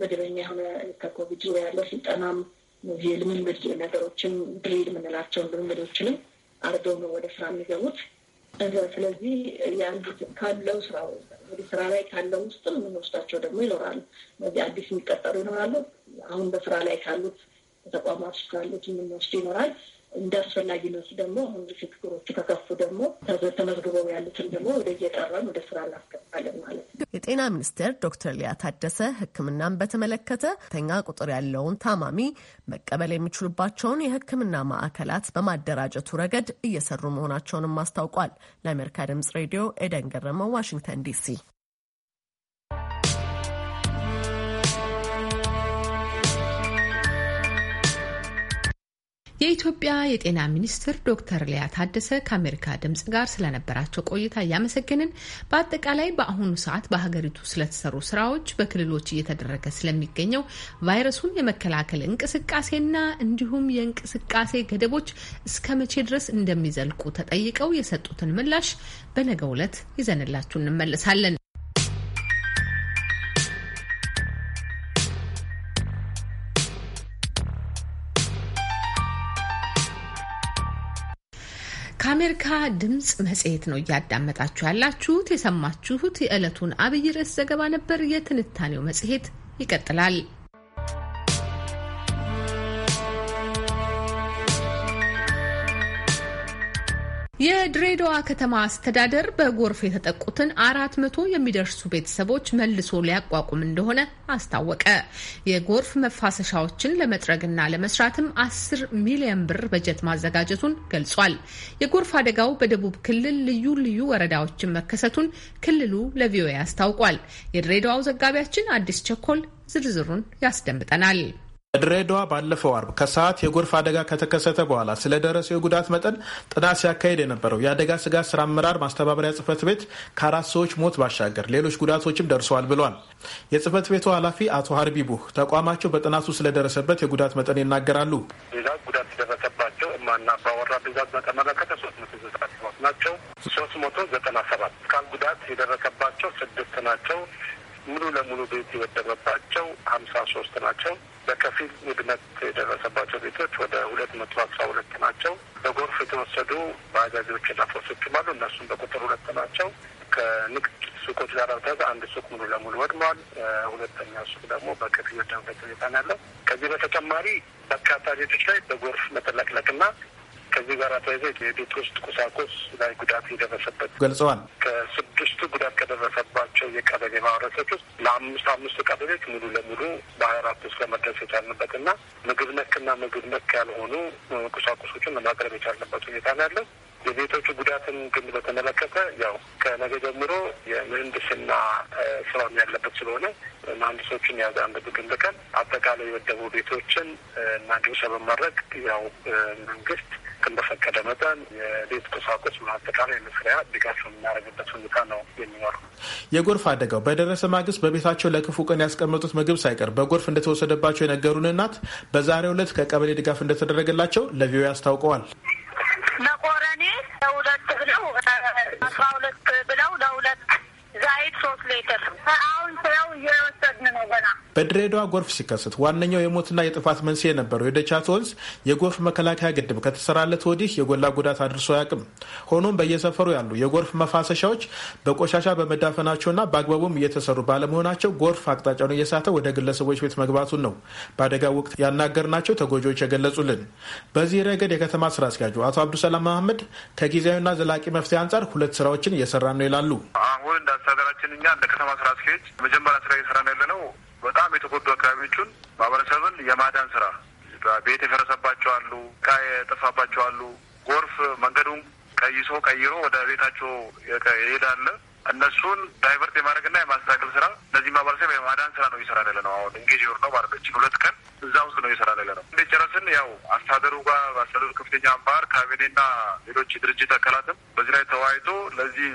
መደበኛ የሆነ ከኮቪድ ዙሪያ ያለ ስልጠናም እነዚህ ልምምድ ነገሮችን ድሪል የምንላቸውን ልምምዶችንም አርገው ነው ወደ ስራ የሚገቡት። ስለዚህ የአንዱ ካለው ስራ እንግዲህ ስራ ላይ ካለው ውስጥ የምንወስዳቸው ደግሞ ይኖራሉ። እነዚህ አዲስ የሚቀጠሩ ይኖራሉ። አሁን በስራ ላይ ካሉት ተቋማት ካሉት የምንወስድ ይኖራል። እንደ አስፈላጊነቱ ደግሞ አሁን ችግሮቹ ከከፉ ደግሞ ተመዝግበው ያሉትን ደግሞ ወደ እየጠራን ወደ ስራ እናስገባለን ማለት ነው። የጤና ሚኒስቴር ዶክተር ሊያ ታደሰ ሕክምናን በተመለከተ ተኛ ቁጥር ያለውን ታማሚ መቀበል የሚችሉባቸውን የሕክምና ማዕከላት በማደራጀቱ ረገድ እየሰሩ መሆናቸውንም አስታውቋል። ለአሜሪካ ድምጽ ሬዲዮ ኤደን ገረመው፣ ዋሽንግተን ዲሲ የኢትዮጵያ የጤና ሚኒስትር ዶክተር ሊያ ታደሰ ከአሜሪካ ድምጽ ጋር ስለነበራቸው ቆይታ እያመሰገንን በአጠቃላይ በአሁኑ ሰዓት በሀገሪቱ ስለተሰሩ ስራዎች፣ በክልሎች እየተደረገ ስለሚገኘው ቫይረሱን የመከላከል እንቅስቃሴና እንዲሁም የእንቅስቃሴ ገደቦች እስከ መቼ ድረስ እንደሚዘልቁ ተጠይቀው የሰጡትን ምላሽ በነገው ዕለት ይዘንላችሁ እንመልሳለን። ከአሜሪካ ድምፅ መጽሔት ነው እያዳመጣችሁ ያላችሁት። የሰማችሁት የዕለቱን አብይ ርዕስ ዘገባ ነበር። የትንታኔው መጽሔት ይቀጥላል። የድሬዳዋ ከተማ አስተዳደር በጎርፍ የተጠቁትን አራት መቶ የሚደርሱ ቤተሰቦች መልሶ ሊያቋቁም እንደሆነ አስታወቀ። የጎርፍ መፋሰሻዎችን ለመጥረግና ለመስራትም አስር ሚሊዮን ብር በጀት ማዘጋጀቱን ገልጿል። የጎርፍ አደጋው በደቡብ ክልል ልዩ ልዩ ወረዳዎችን መከሰቱን ክልሉ ለቪኦኤ አስታውቋል። የድሬዳዋው ዘጋቢያችን አዲስ ቸኮል ዝርዝሩን ያስደምጠናል። በድሬዳዋ ባለፈው አርብ ከሰዓት የጎርፍ አደጋ ከተከሰተ በኋላ ስለደረሰው የጉዳት መጠን ጥናት ሲያካሄድ የነበረው የአደጋ ስጋት ስራ አመራር ማስተባበሪያ ጽህፈት ቤት ከአራት ሰዎች ሞት ባሻገር ሌሎች ጉዳቶችም ደርሰዋል ብሏል። የጽህፈት ቤቱ ኃላፊ አቶ ሀርቢቡ ተቋማቸው በጥናቱ ስለደረሰበት የጉዳት መጠን ይናገራሉ። ሌላ ጉዳት የደረሰባቸው እማና አባወራ ብዛት በተመለከተ ሶስት መቶ ዘጠና ሰባት ናቸው። ሶስት መቶ ዘጠና ሰባት አካል ጉዳት የደረሰባቸው ስድስት ናቸው። ሙሉ ለሙሉ ቤት የወደመባቸው ሀምሳ ሶስት ናቸው። በከፊል ውድመት የደረሰባቸው ቤቶች ወደ ሁለት መቶ አስራ ሁለት ናቸው። በጎርፍ የተወሰዱ ባጃጆችና ፎሶችም አሉ። እነሱም በቁጥር ሁለት ናቸው። ከንግድ ሱቆች ጋር በተያያዘ አንድ ሱቅ ሙሉ ለሙሉ ወድመዋል። ሁለተኛ ሱቅ ደግሞ በከፊል ወደመበት ሁኔታ ነው ያለው። ከዚህ በተጨማሪ በርካታ ቤቶች ላይ በጎርፍ መጠለቅለቅና ከዚህ ጋር ተያይዘ የቤት ውስጥ ቁሳቁስ ላይ ጉዳት የደረሰበት ገልጸዋል። ከስድስቱ ጉዳት ከደረሰባቸው የቀበሌ ማህበረሰቦች ውስጥ ለአምስት አምስቱ ቀበሌዎች ሙሉ ለሙሉ በሀያ አራት ውስጥ ለመድረስ የቻልንበት እና ምግብ ነክና ምግብ ነክ ያልሆኑ ቁሳቁሶችን ለማቅረብ የቻልንበት ሁኔታ ነው ያለው። የቤቶቹ ጉዳትን ግን በተመለከተ ያው ከነገ ጀምሮ የምህንድስና ስራም ያለበት ስለሆነ መሀንዲሶቹን የያዘ አንድ ቡድን ልከን አጠቃላይ የወደቡ ቤቶችን እና ግብሰ በማድረግ ያው መንግስት ግን መጠን የቤት ቁሳቁስ ማጠቃላይ መስሪያ ድጋፍ የምናደርግበት ሁኔታ ነው የሚኖረው። የጎርፍ አደጋው በደረሰ ማግስት በቤታቸው ለክፉ ቀን ያስቀመጡት ምግብ ሳይቀር በጎርፍ እንደተወሰደባቸው የነገሩን እናት በዛሬው ዕለት ከቀበሌ ድጋፍ እንደተደረገላቸው ለቪኦኤ አስታውቀዋል። ነው ለሁለት በድሬዳዋ ጎርፍ ሲከሰት ዋነኛው የሞትና የጥፋት መንስኤ የነበረው የደቻት ወንዝ የጎርፍ መከላከያ ግድብ ከተሰራለት ወዲህ የጎላ ጉዳት አድርሶ አያውቅም። ሆኖም በየሰፈሩ ያሉ የጎርፍ መፋሰሻዎች በቆሻሻ በመዳፈናቸውና በአግባቡም እየተሰሩ ባለመሆናቸው ጎርፍ አቅጣጫውን እየሳተ ወደ ግለሰቦች ቤት መግባቱን ነው በአደጋ ወቅት ያናገርናቸው ተጎጂዎች የገለጹልን። በዚህ ረገድ የከተማ ስራ አስኪያጁ አቶ አብዱሰላም መሀመድ ከጊዜያዊና ዘላቂ መፍትሄ አንጻር ሁለት ስራዎችን እየሰራ ነው ይላሉ። አሁን በአስተዳደራችን እኛ እንደ ከተማ ስራ አስኪያጅ መጀመሪያ ስራ እየሰራ ነው ያለነው በጣም የተጎዱ አካባቢዎቹን ማህበረሰብን የማዳን ስራ። ቤት የፈረሰባቸው አሉ፣ እቃ የጠፋባቸው አሉ። ጎርፍ መንገዱን ቀይሶ ቀይሮ ወደ ቤታቸው ይሄዳል። እነሱን ዳይቨርት የማድረግና የማስተካከል ስራ እነዚህ ማህበረሰብ የማዳን ስራ ነው እየሰራ ያለ ነው። አሁን እንጌጅ ዮር ነው ማለችን ሁለት ቀን እዛ ውስጥ ነው እየሰራ ያለ ነው። እንደ ጨረስን ያው አስተዳደሩ ጋር አስተዳደሩ ከፍተኛ አምባር ካቢኔና ሌሎች ድርጅት አካላትም በዚህ ላይ ተወያይቶ ለዚህ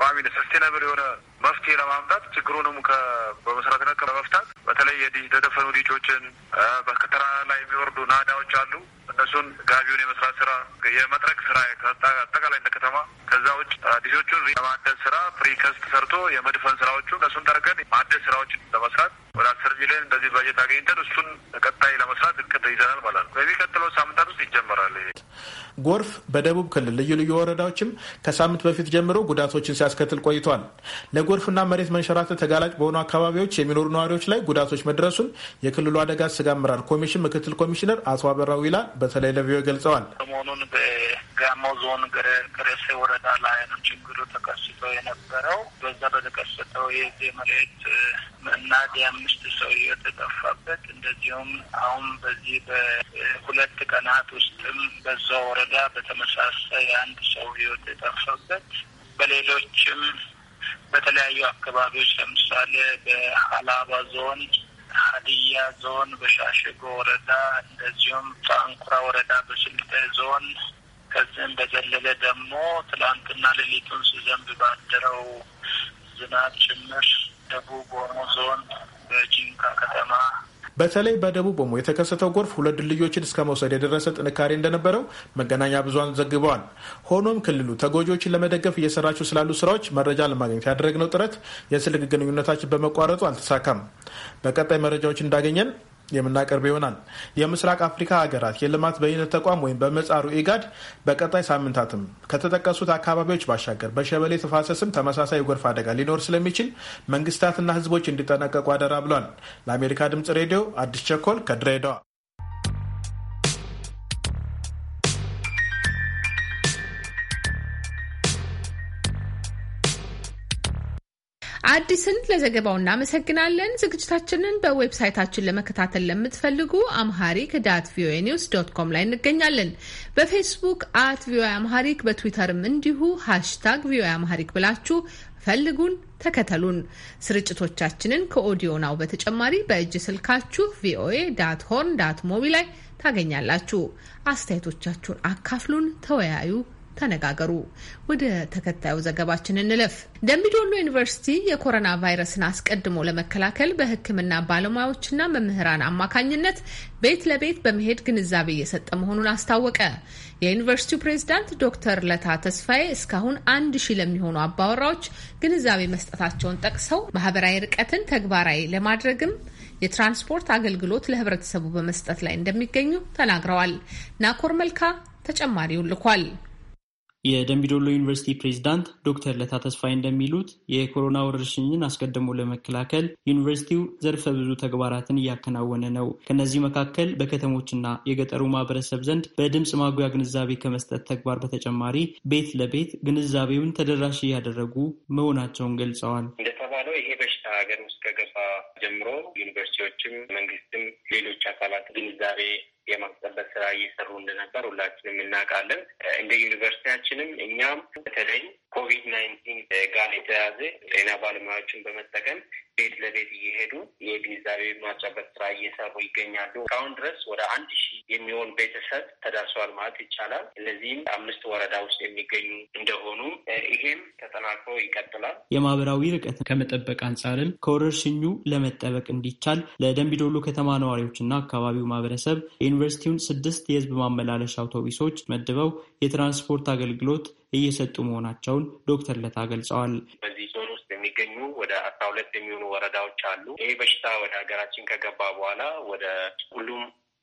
ቋሚ ሰስቴናብል የሆነ መፍትሄ ለማምጣት ችግሩንም በመሰረትነት ለመፍታት በተለይ የተደፈኑ ዲቾችን በከተራ ላይ የሚወርዱ ናዳዎች አሉ። እነሱን ጋቢውን የመስራት ስራ፣ የመጥረቅ ስራ አጠቃላይ እንደ ከተማ ከዛ ውጭ ዲሾቹን ለማደስ ስራ ፕሪከስት ሰርቶ የመድፈን ስራዎቹ እነሱን ጠርገን ማደስ ስራዎችን ለመስራት ወደ አስር ሚሊዮን እንደዚህ በጀት አገኝተን እሱን ቀጣይ ለመስራት እቅድ ይዘናል ማለት ነው። በሚቀጥለው ሳምንታት ውስጥ ይጀመራል። ጎርፍ በደቡብ ክልል ልዩ ልዩ ወረዳዎችም ከሳምንት በፊት ጀምሮ ጉዳቶችን ሲያስከትል ቆይቷል። ጎርፍና መሬት መንሸራተት ተጋላጭ በሆኑ አካባቢዎች የሚኖሩ ነዋሪዎች ላይ ጉዳቶች መድረሱን የክልሉ አደጋ ስጋት አመራር ኮሚሽን ምክትል ኮሚሽነር አቶ አበራ ይላል በተለይ ለቪዮ ገልጸዋል። ሰሞኑን በጋሞ ዞን ገረሴ ወረዳ ላይ ነው ችግሩ ተከስቶ የነበረው። በዛ በተከሰተው የዚህ መሬት መናድ አምስት ሰው የተጠፋበት እንደዚሁም አሁን በዚህ በሁለት ቀናት ውስጥም በዛ ወረዳ በተመሳሳይ አንድ ሰው ህይወት የጠፋበት በሌሎችም በተለያዩ አካባቢዎች ለምሳሌ በሀላባ ዞን፣ ሀዲያ ዞን፣ በሻሸጎ ወረዳ እንደዚሁም ጣንኩራ ወረዳ በስልጤ ዞን ከዚህም በዘለለ ደግሞ ትላንትና ሌሊቱን ሲዘንብ ባደረው ዝናብ ጭምር ደቡብ ኦሞ ዞን በጂንካ ከተማ በተለይ በደቡብ ኦሞ የተከሰተው ጎርፍ ሁለት ድልድዮችን እስከ መውሰድ የደረሰ ጥንካሬ እንደነበረው መገናኛ ብዙን ዘግበዋል። ሆኖም ክልሉ ተጎጂዎችን ለመደገፍ እየሰራቸው ስላሉ ስራዎች መረጃ ለማግኘት ያደረግነው ጥረት የስልክ ግንኙነታችን በመቋረጡ አልተሳካም። በቀጣይ መረጃዎች እንዳገኘን የምናቀርብ ይሆናል። የምስራቅ አፍሪካ ሀገራት የልማት በይነት ተቋም ወይም በመጻሩ ኢጋድ በቀጣይ ሳምንታትም ከተጠቀሱት አካባቢዎች ባሻገር በሸበሌ ተፋሰስም ተመሳሳይ የጎርፍ አደጋ ሊኖር ስለሚችል መንግስታትና ህዝቦች እንዲጠነቀቁ አደራ ብሏል። ለአሜሪካ ድምጽ ሬዲዮ አዲስ ቸኮል ከድሬዳዋ አዲስን ለዘገባው እናመሰግናለን። ዝግጅታችንን በዌብሳይታችን ለመከታተል ለምትፈልጉ አምሃሪክ ዳት ቪኦኤ ኒውስ ዶት ኮም ላይ እንገኛለን። በፌስቡክ አት ቪኦኤ አምሃሪክ፣ በትዊተርም እንዲሁ ሃሽታግ ቪኦኤ አምሃሪክ ብላችሁ ፈልጉን፣ ተከተሉን። ስርጭቶቻችንን ከኦዲዮ ናው በተጨማሪ በእጅ ስልካችሁ ቪኦኤ ዳት ሆርን ዳት ሞቢ ላይ ታገኛላችሁ። አስተያየቶቻችሁን አካፍሉን፣ ተወያዩ፣ ተነጋገሩ። ወደ ተከታዩ ዘገባችን እንለፍ። ደምቢዶሎ ዩኒቨርሲቲ የኮሮና ቫይረስን አስቀድሞ ለመከላከል በሕክምና ባለሙያዎችና መምህራን አማካኝነት ቤት ለቤት በመሄድ ግንዛቤ እየሰጠ መሆኑን አስታወቀ። የዩኒቨርሲቲው ፕሬዝዳንት ዶክተር ለታ ተስፋዬ እስካሁን አንድ ሺህ ለሚሆኑ አባወራዎች ግንዛቤ መስጠታቸውን ጠቅሰው ማህበራዊ ርቀትን ተግባራዊ ለማድረግም የትራንስፖርት አገልግሎት ለህብረተሰቡ በመስጠት ላይ እንደሚገኙ ተናግረዋል። ናኮር መልካ ተጨማሪውን ልኳል። የደምቢዶሎ ዩኒቨርሲቲ ፕሬዚዳንት ዶክተር ለታ ተስፋይ እንደሚሉት የኮሮና ወረርሽኝን አስቀድሞ ለመከላከል ዩኒቨርሲቲው ዘርፈ ብዙ ተግባራትን እያከናወነ ነው። ከእነዚህ መካከል በከተሞችና የገጠሩ ማህበረሰብ ዘንድ በድምፅ ማጉያ ግንዛቤ ከመስጠት ተግባር በተጨማሪ ቤት ለቤት ግንዛቤውን ተደራሽ እያደረጉ መሆናቸውን ገልጸዋል። እንደተባለው ይሄ በሽታ ሀገር ውስጥ ከገባ ጀምሮ ዩኒቨርሲቲዎችም መንግስትም ሌሎች አካላት ግንዛቤ የማስጠበቅ ስራ እየሰሩ እንደነበር ሁላችንም እናውቃለን። እንደ ዩኒቨርሲቲያችንም እኛም በተለይ ኮቪድ ናይንቲን ጋር የተያዘ ጤና ባለሙያዎችን በመጠቀም ቤት ለቤት እየሄዱ የግንዛቤ ማስጨበጥ ስራ እየሰሩ ይገኛሉ። እስካሁን ድረስ ወደ አንድ ሺህ የሚሆን ቤተሰብ ተዳርሷል ማለት ይቻላል። እነዚህም አምስት ወረዳ ውስጥ የሚገኙ እንደሆኑ ይሄም ተጠናክሮ ይቀጥላል። የማህበራዊ ርቀት ከመጠበቅ አንጻርም ከወረርሽኙ ለመጠበቅ እንዲቻል ለደንቢዶሎ ከተማ ነዋሪዎችና አካባቢው ማህበረሰብ የዩኒቨርሲቲውን ስድስት የህዝብ ማመላለሻ አውቶቡሶች መድበው የትራንስፖርት አገልግሎት እየሰጡ መሆናቸውን ዶክተር ለታ ገልጸዋል። በዚህ ዞን ውስጥ የሚገኙ ወደ አስራ ሁለት የሚሆኑ ወረዳዎች አሉ። ይሄ በሽታ ወደ ሀገራችን ከገባ በኋላ ወደ ሁሉም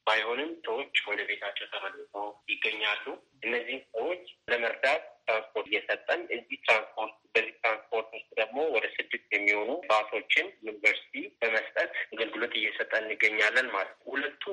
ባይሆንም ሰዎች ወደ ቤታቸው ተመልሶ ይገኛሉ። እነዚህ ሰዎች ለመርዳት ትራንስፖርት እየሰጠን እዚህ ትራንስፖርት በዚህ ትራንስፖርት ውስጥ ደግሞ ወደ ስድስት የሚሆኑ ባሶችን ዩኒቨርሲቲ በመስጠት አገልግሎት እየሰጠን እንገኛለን ማለት ነው። ሁለቱ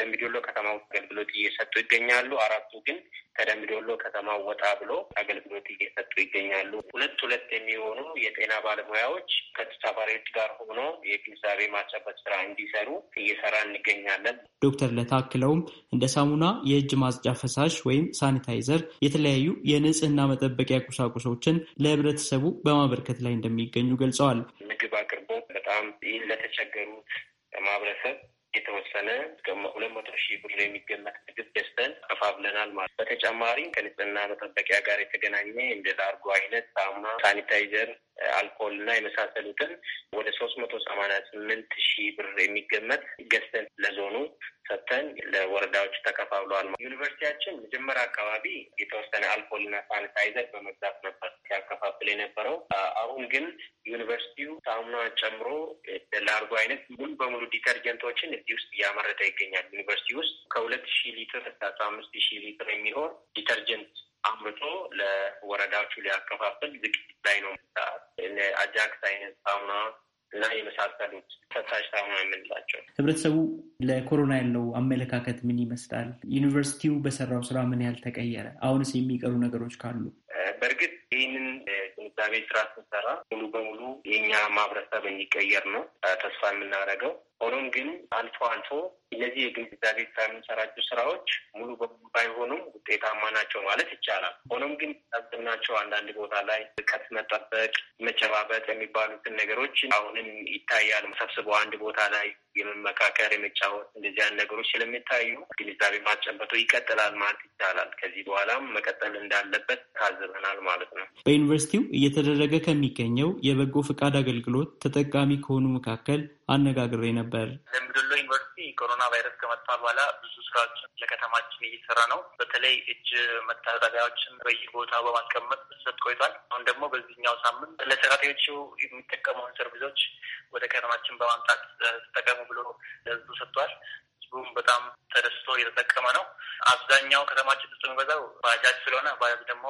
ደምቢዶሎ ከተማ ውስጥ አገልግሎት እየሰጡ ይገኛሉ። አራቱ ግን ከደምቢዶሎ ከተማ ወጣ ብሎ አገልግሎት እየሰጡ ይገኛሉ። ሁለት ሁለት የሚሆኑ የጤና ባለሙያዎች ከተሳፋሪዎች ጋር ሆኖ የግንዛቤ ማስጨበጥ ስራ እንዲሰሩ እየሰራ እንገኛለን። ዶክተር ለታክለውም እንደ ሳሙና፣ የእጅ ማጽጃ ፈሳሽ ወይም ሳኒታይዘር የተለያዩ የንጽህ የንጽህና መጠበቂያ ቁሳቁሶችን ለህብረተሰቡ በማበርከት ላይ እንደሚገኙ ገልጸዋል። ምግብ አቅርቦት በጣም ይህን ለተቸገሩት ማህበረሰብ የተወሰነ ሁለት መቶ ሺህ ብር የሚገመት ምግብ ገዝተን ከፋፍለናል ማለት በተጨማሪ ከንጽህና መጠበቂያ ጋር የተገናኘ እንደ ላርጎ አይነት ሳሙና፣ ሳኒታይዘር አልኮል እና የመሳሰሉትን ወደ ሶስት መቶ ሰማኒያ ስምንት ሺህ ብር የሚገመት ገዝተን ለዞኑ ሰጥተን ለወረዳዎች ተከፋብለዋል። ዩኒቨርሲቲያችን መጀመሪያ አካባቢ የተወሰነ አልኮልና ሳኒታይዘር በመግዛት ነበር ሲያከፋፍል የነበረው። አሁን ግን ዩኒቨርሲቲው ሳሙና ጨምሮ ለአርጎ አይነት ሙሉ በሙሉ ዲተርጀንቶችን እዚህ ውስጥ እያመረተ ይገኛል። ዩኒቨርሲቲ ውስጥ ከሁለት ሺህ ሊትር እስከ አስራ አምስት ሺህ ሊትር የሚሆን ዲተርጀንት አምርቶ ለወረዳዎቹ ሊያከፋፍል ዝግጅት ላይ ነው። አጃክስ አይነት ሳሙና እና የመሳሰሉት ፈሳሽ ሳሙና የምንላቸው። ህብረተሰቡ ለኮሮና ያለው አመለካከት ምን ይመስላል? ዩኒቨርሲቲው በሰራው ስራ ምን ያህል ተቀየረ? አሁንስ የሚቀሩ ነገሮች ካሉ በእርግጥ ይህንን ግንዛቤ ስራ ስንሰራ ሙሉ በሙሉ የኛ ማህበረሰብ የሚቀየር ነው ተስፋ የምናደርገው። ሆኖም ግን አልፎ አልፎ እነዚህ የግንዛቤ ስራ የምንሰራቸው ስራዎች ሙሉ በሙሉ ባይሆኑም ውጤታማ ናቸው ማለት ይቻላል። ሆኖም ግን ናቸው አንዳንድ ቦታ ላይ ርቀት መጠበቅ፣ መጨባበጥ የሚባሉትን ነገሮች አሁንም ይታያል። ሰብስበው አንድ ቦታ ላይ የመመካከር የመጫወት እንደዚህ አይነት ነገሮች ስለሚታዩ ግንዛቤ ማስጨበጡ ይቀጥላል ማለት ይቻላል። ከዚህ በኋላም መቀጠል እንዳለበት ታዝበናል ማለት ነው። በዩኒቨርሲቲው እየተደረገ ከሚገኘው የበጎ ፈቃድ አገልግሎት ተጠቃሚ ከሆኑ መካከል አነጋግሬ ነበር። ደምቢዶሎ ዩኒቨርሲቲ ኮሮና ቫይረስ ከመጣ በኋላ ብዙ ስራዎችን ለከተማችን እየሰራ ነው። በተለይ እጅ መታጠቢያዎችን በየቦታው በማስቀመጥ ሰጥ ቆይቷል። አሁን ደግሞ በዚህኛው ሳምንት ለሰራተኞቹ የሚጠቀመውን ሰርቪሶች ወደ ከተማችን በማምጣት ተጠቀሙ ብሎ ለህዝቡ ሰጥቷል። ህዝቡም በጣም ተደስቶ እየተጠቀመ ነው። አብዛኛው ከተማችን ውስጥ የሚበዛው ባጃጅ ስለሆነ ባጃጅ ደግሞ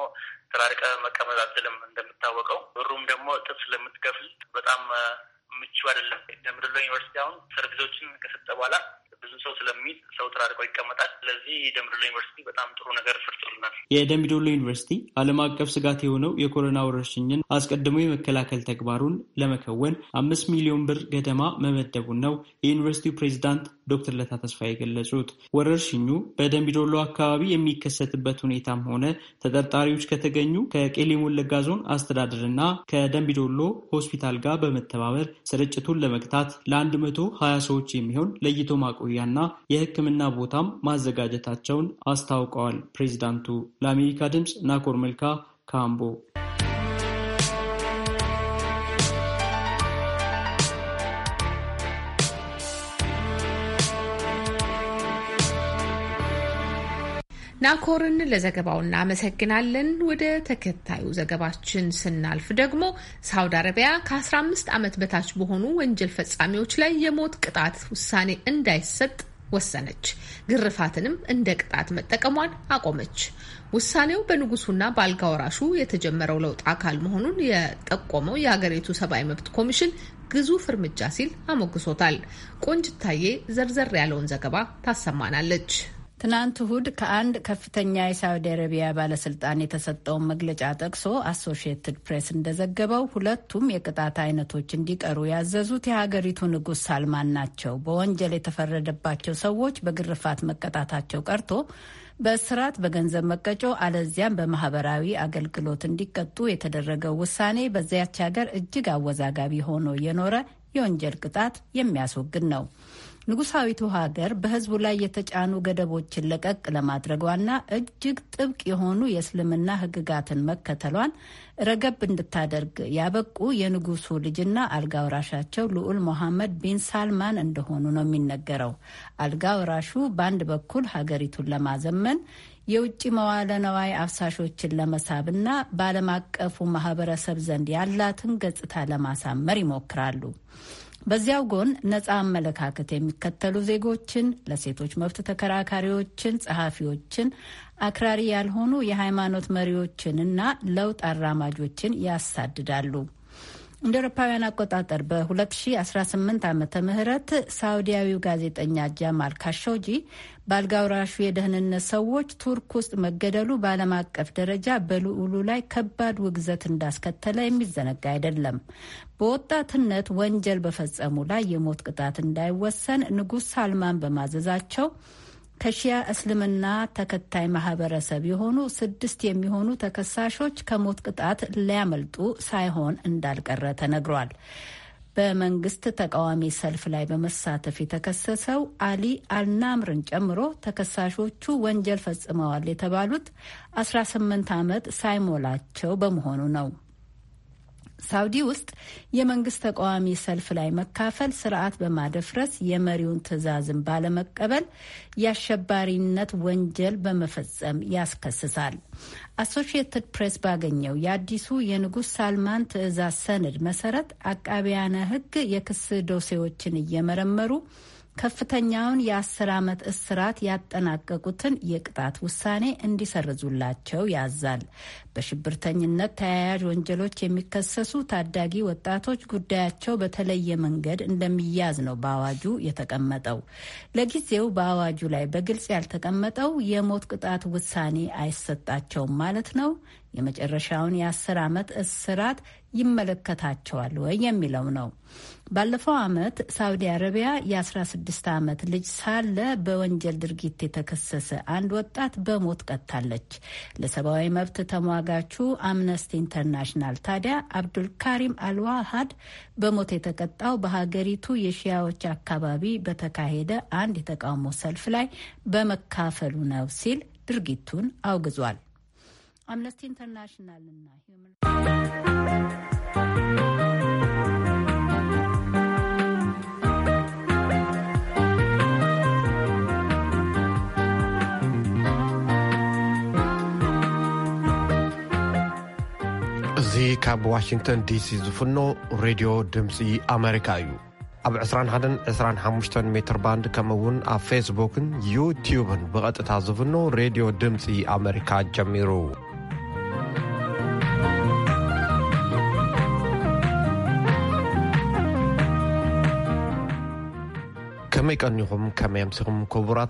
ተራርቀ መቀመጥ አትችልም እንደምታወቀው። ብሩም ደግሞ እጥፍ ስለምትከፍል በጣም ምቹ አይደለም። ደምቢዶሎ ዩኒቨርሲቲ አሁን ሰርቪሶችን ከሰጠ በኋላ ብዙ ሰው ስለሚል ሰው ተራርቆ ይቀመጣል። ስለዚህ ደምቢዶሎ ዩኒቨርሲቲ በጣም ጥሩ ነገር ፈጥሮልናል። የደምቢዶሎ ዩኒቨርሲቲ ዓለም አቀፍ ስጋት የሆነው የኮሮና ወረርሽኝን አስቀድሞ የመከላከል ተግባሩን ለመከወን አምስት ሚሊዮን ብር ገደማ መመደቡን ነው የዩኒቨርሲቲው ፕሬዚዳንት ዶክተር ለታ ተስፋ የገለጹት። ወረርሽኙ በደምቢዶሎ አካባቢ የሚከሰትበት ሁኔታም ሆነ ተጠርጣሪዎች ከተገኙ ከቄሌ ሞለጋ ዞን ና ከደምቢዶሎ ሆስፒታል ጋር በመተባበር ስርጭቱን ለመግታት ለአንድ መቶ ሀያ ሰዎች የሚሆን ለይቶ ማቆ ማቆያና የሕክምና ቦታም ማዘጋጀታቸውን አስታውቀዋል። ፕሬዚዳንቱ ለአሜሪካ ድምፅ ናኮር መልካ ካምቦ ናኮርን ለዘገባው እናመሰግናለን። ወደ ተከታዩ ዘገባችን ስናልፍ ደግሞ ሳውዲ አረቢያ ከ15 ዓመት በታች በሆኑ ወንጀል ፈጻሚዎች ላይ የሞት ቅጣት ውሳኔ እንዳይሰጥ ወሰነች። ግርፋትንም እንደ ቅጣት መጠቀሟን አቆመች። ውሳኔው በንጉሱና በአልጋ ወራሹ የተጀመረው ለውጥ አካል መሆኑን የጠቆመው የሀገሪቱ ሰብአዊ መብት ኮሚሽን ግዙፍ እርምጃ ሲል አሞግሶታል። ቆንጅታዬ ዘርዘር ያለውን ዘገባ ታሰማናለች። ትናንት እሁድ ከአንድ ከፍተኛ የሳውዲ አረቢያ ባለስልጣን የተሰጠውን መግለጫ ጠቅሶ አሶሽየትድ ፕሬስ እንደዘገበው ሁለቱም የቅጣት አይነቶች እንዲቀሩ ያዘዙት የሀገሪቱ ንጉሥ ሳልማን ናቸው። በወንጀል የተፈረደባቸው ሰዎች በግርፋት መቀጣታቸው ቀርቶ በእስራት በገንዘብ መቀጮ አለዚያም በማህበራዊ አገልግሎት እንዲቀጡ የተደረገው ውሳኔ በዚያች ሀገር እጅግ አወዛጋቢ ሆኖ የኖረ የወንጀል ቅጣት የሚያስወግድ ነው። ንጉሳዊቱ ሀገር በህዝቡ ላይ የተጫኑ ገደቦችን ለቀቅ ለማድረጓና እጅግ ጥብቅ የሆኑ የእስልምና ህግጋትን መከተሏን ረገብ እንድታደርግ ያበቁ የንጉሱ ልጅና አልጋውራሻቸው ልዑል ሞሐመድ ቢን ሳልማን እንደሆኑ ነው የሚነገረው። አልጋውራሹ በአንድ በኩል ሀገሪቱን ለማዘመን የውጭ መዋለ ነዋይ አፍሳሾችን ለመሳብና በዓለም አቀፉ ማህበረሰብ ዘንድ ያላትን ገጽታ ለማሳመር ይሞክራሉ። በዚያው ጎን ነጻ አመለካከት የሚከተሉ ዜጎችን፣ ለሴቶች መብት ተከራካሪዎችን፣ ጸሐፊዎችን፣ አክራሪ ያልሆኑ የሃይማኖት መሪዎችን እና ለውጥ አራማጆችን ያሳድዳሉ። እንደ ኤሮፓውያን አቆጣጠር በ2018 ዓመተ ምህረት ሳውዲያዊው ጋዜጠኛ ጃማል ካሾጂ በአልጋውራሹ የደህንነት ሰዎች ቱርክ ውስጥ መገደሉ በዓለም አቀፍ ደረጃ በልዑሉ ላይ ከባድ ውግዘት እንዳስከተለ የሚዘነጋ አይደለም። በወጣትነት ወንጀል በፈጸሙ ላይ የሞት ቅጣት እንዳይወሰን ንጉሥ ሳልማን በማዘዛቸው ከሺያ እስልምና ተከታይ ማህበረሰብ የሆኑ ስድስት የሚሆኑ ተከሳሾች ከሞት ቅጣት ሊያመልጡ ሳይሆን እንዳልቀረ ተነግሯል። በመንግስት ተቃዋሚ ሰልፍ ላይ በመሳተፍ የተከሰሰው አሊ አልናምርን ጨምሮ ተከሳሾቹ ወንጀል ፈጽመዋል የተባሉት 18 ዓመት ሳይሞላቸው በመሆኑ ነው። ሳውዲ ውስጥ የመንግስት ተቃዋሚ ሰልፍ ላይ መካፈል ስርዓት በማደፍረስ የመሪውን ትዕዛዝን ባለመቀበል የአሸባሪነት ወንጀል በመፈጸም ያስከስሳል። አሶሺየትድ ፕሬስ ባገኘው የአዲሱ የንጉሥ ሳልማን ትዕዛዝ ሰነድ መሰረት አቃቢያነ ሕግ የክስ ዶሴዎችን እየመረመሩ ከፍተኛውን የአስር ዓመት እስራት ያጠናቀቁትን የቅጣት ውሳኔ እንዲሰርዙላቸው ያዛል። በሽብርተኝነት ተያያዥ ወንጀሎች የሚከሰሱ ታዳጊ ወጣቶች ጉዳያቸው በተለየ መንገድ እንደሚያዝ ነው በአዋጁ የተቀመጠው። ለጊዜው በአዋጁ ላይ በግልጽ ያልተቀመጠው የሞት ቅጣት ውሳኔ አይሰጣቸውም ማለት ነው። የመጨረሻውን የአስር ዓመት እስራት ይመለከታቸዋል ወይ የሚለው ነው። ባለፈው ዓመት ሳውዲ አረቢያ የ16 ዓመት ልጅ ሳለ በወንጀል ድርጊት የተከሰሰ አንድ ወጣት በሞት ቀጥታለች። ለሰብአዊ መብት ተሟጋቹ አምነስቲ ኢንተርናሽናል ታዲያ አብዱልካሪም አልዋሃድ በሞት የተቀጣው በሀገሪቱ የሺያዎች አካባቢ በተካሄደ አንድ የተቃውሞ ሰልፍ ላይ በመካፈሉ ነው ሲል ድርጊቱን አውግዟል። አምነስቲ ኢንተርናሽናል እና እዚ ካብ ዋሽንግተን ዲሲ ዝፍኖ ሬድዮ ድምፂ ኣሜሪካ እዩ ኣብ 21 25 ሜትር ባንድ ከምኡውን ኣብ ፌስቡክን ዩቲብን ብቐጥታ ዝፍኖ ሬድዮ ድምፂ ኣሜሪካ ጀሚሩ ከመይ ቀኒኹም ከመይ ኣምስኹም ኮቡራት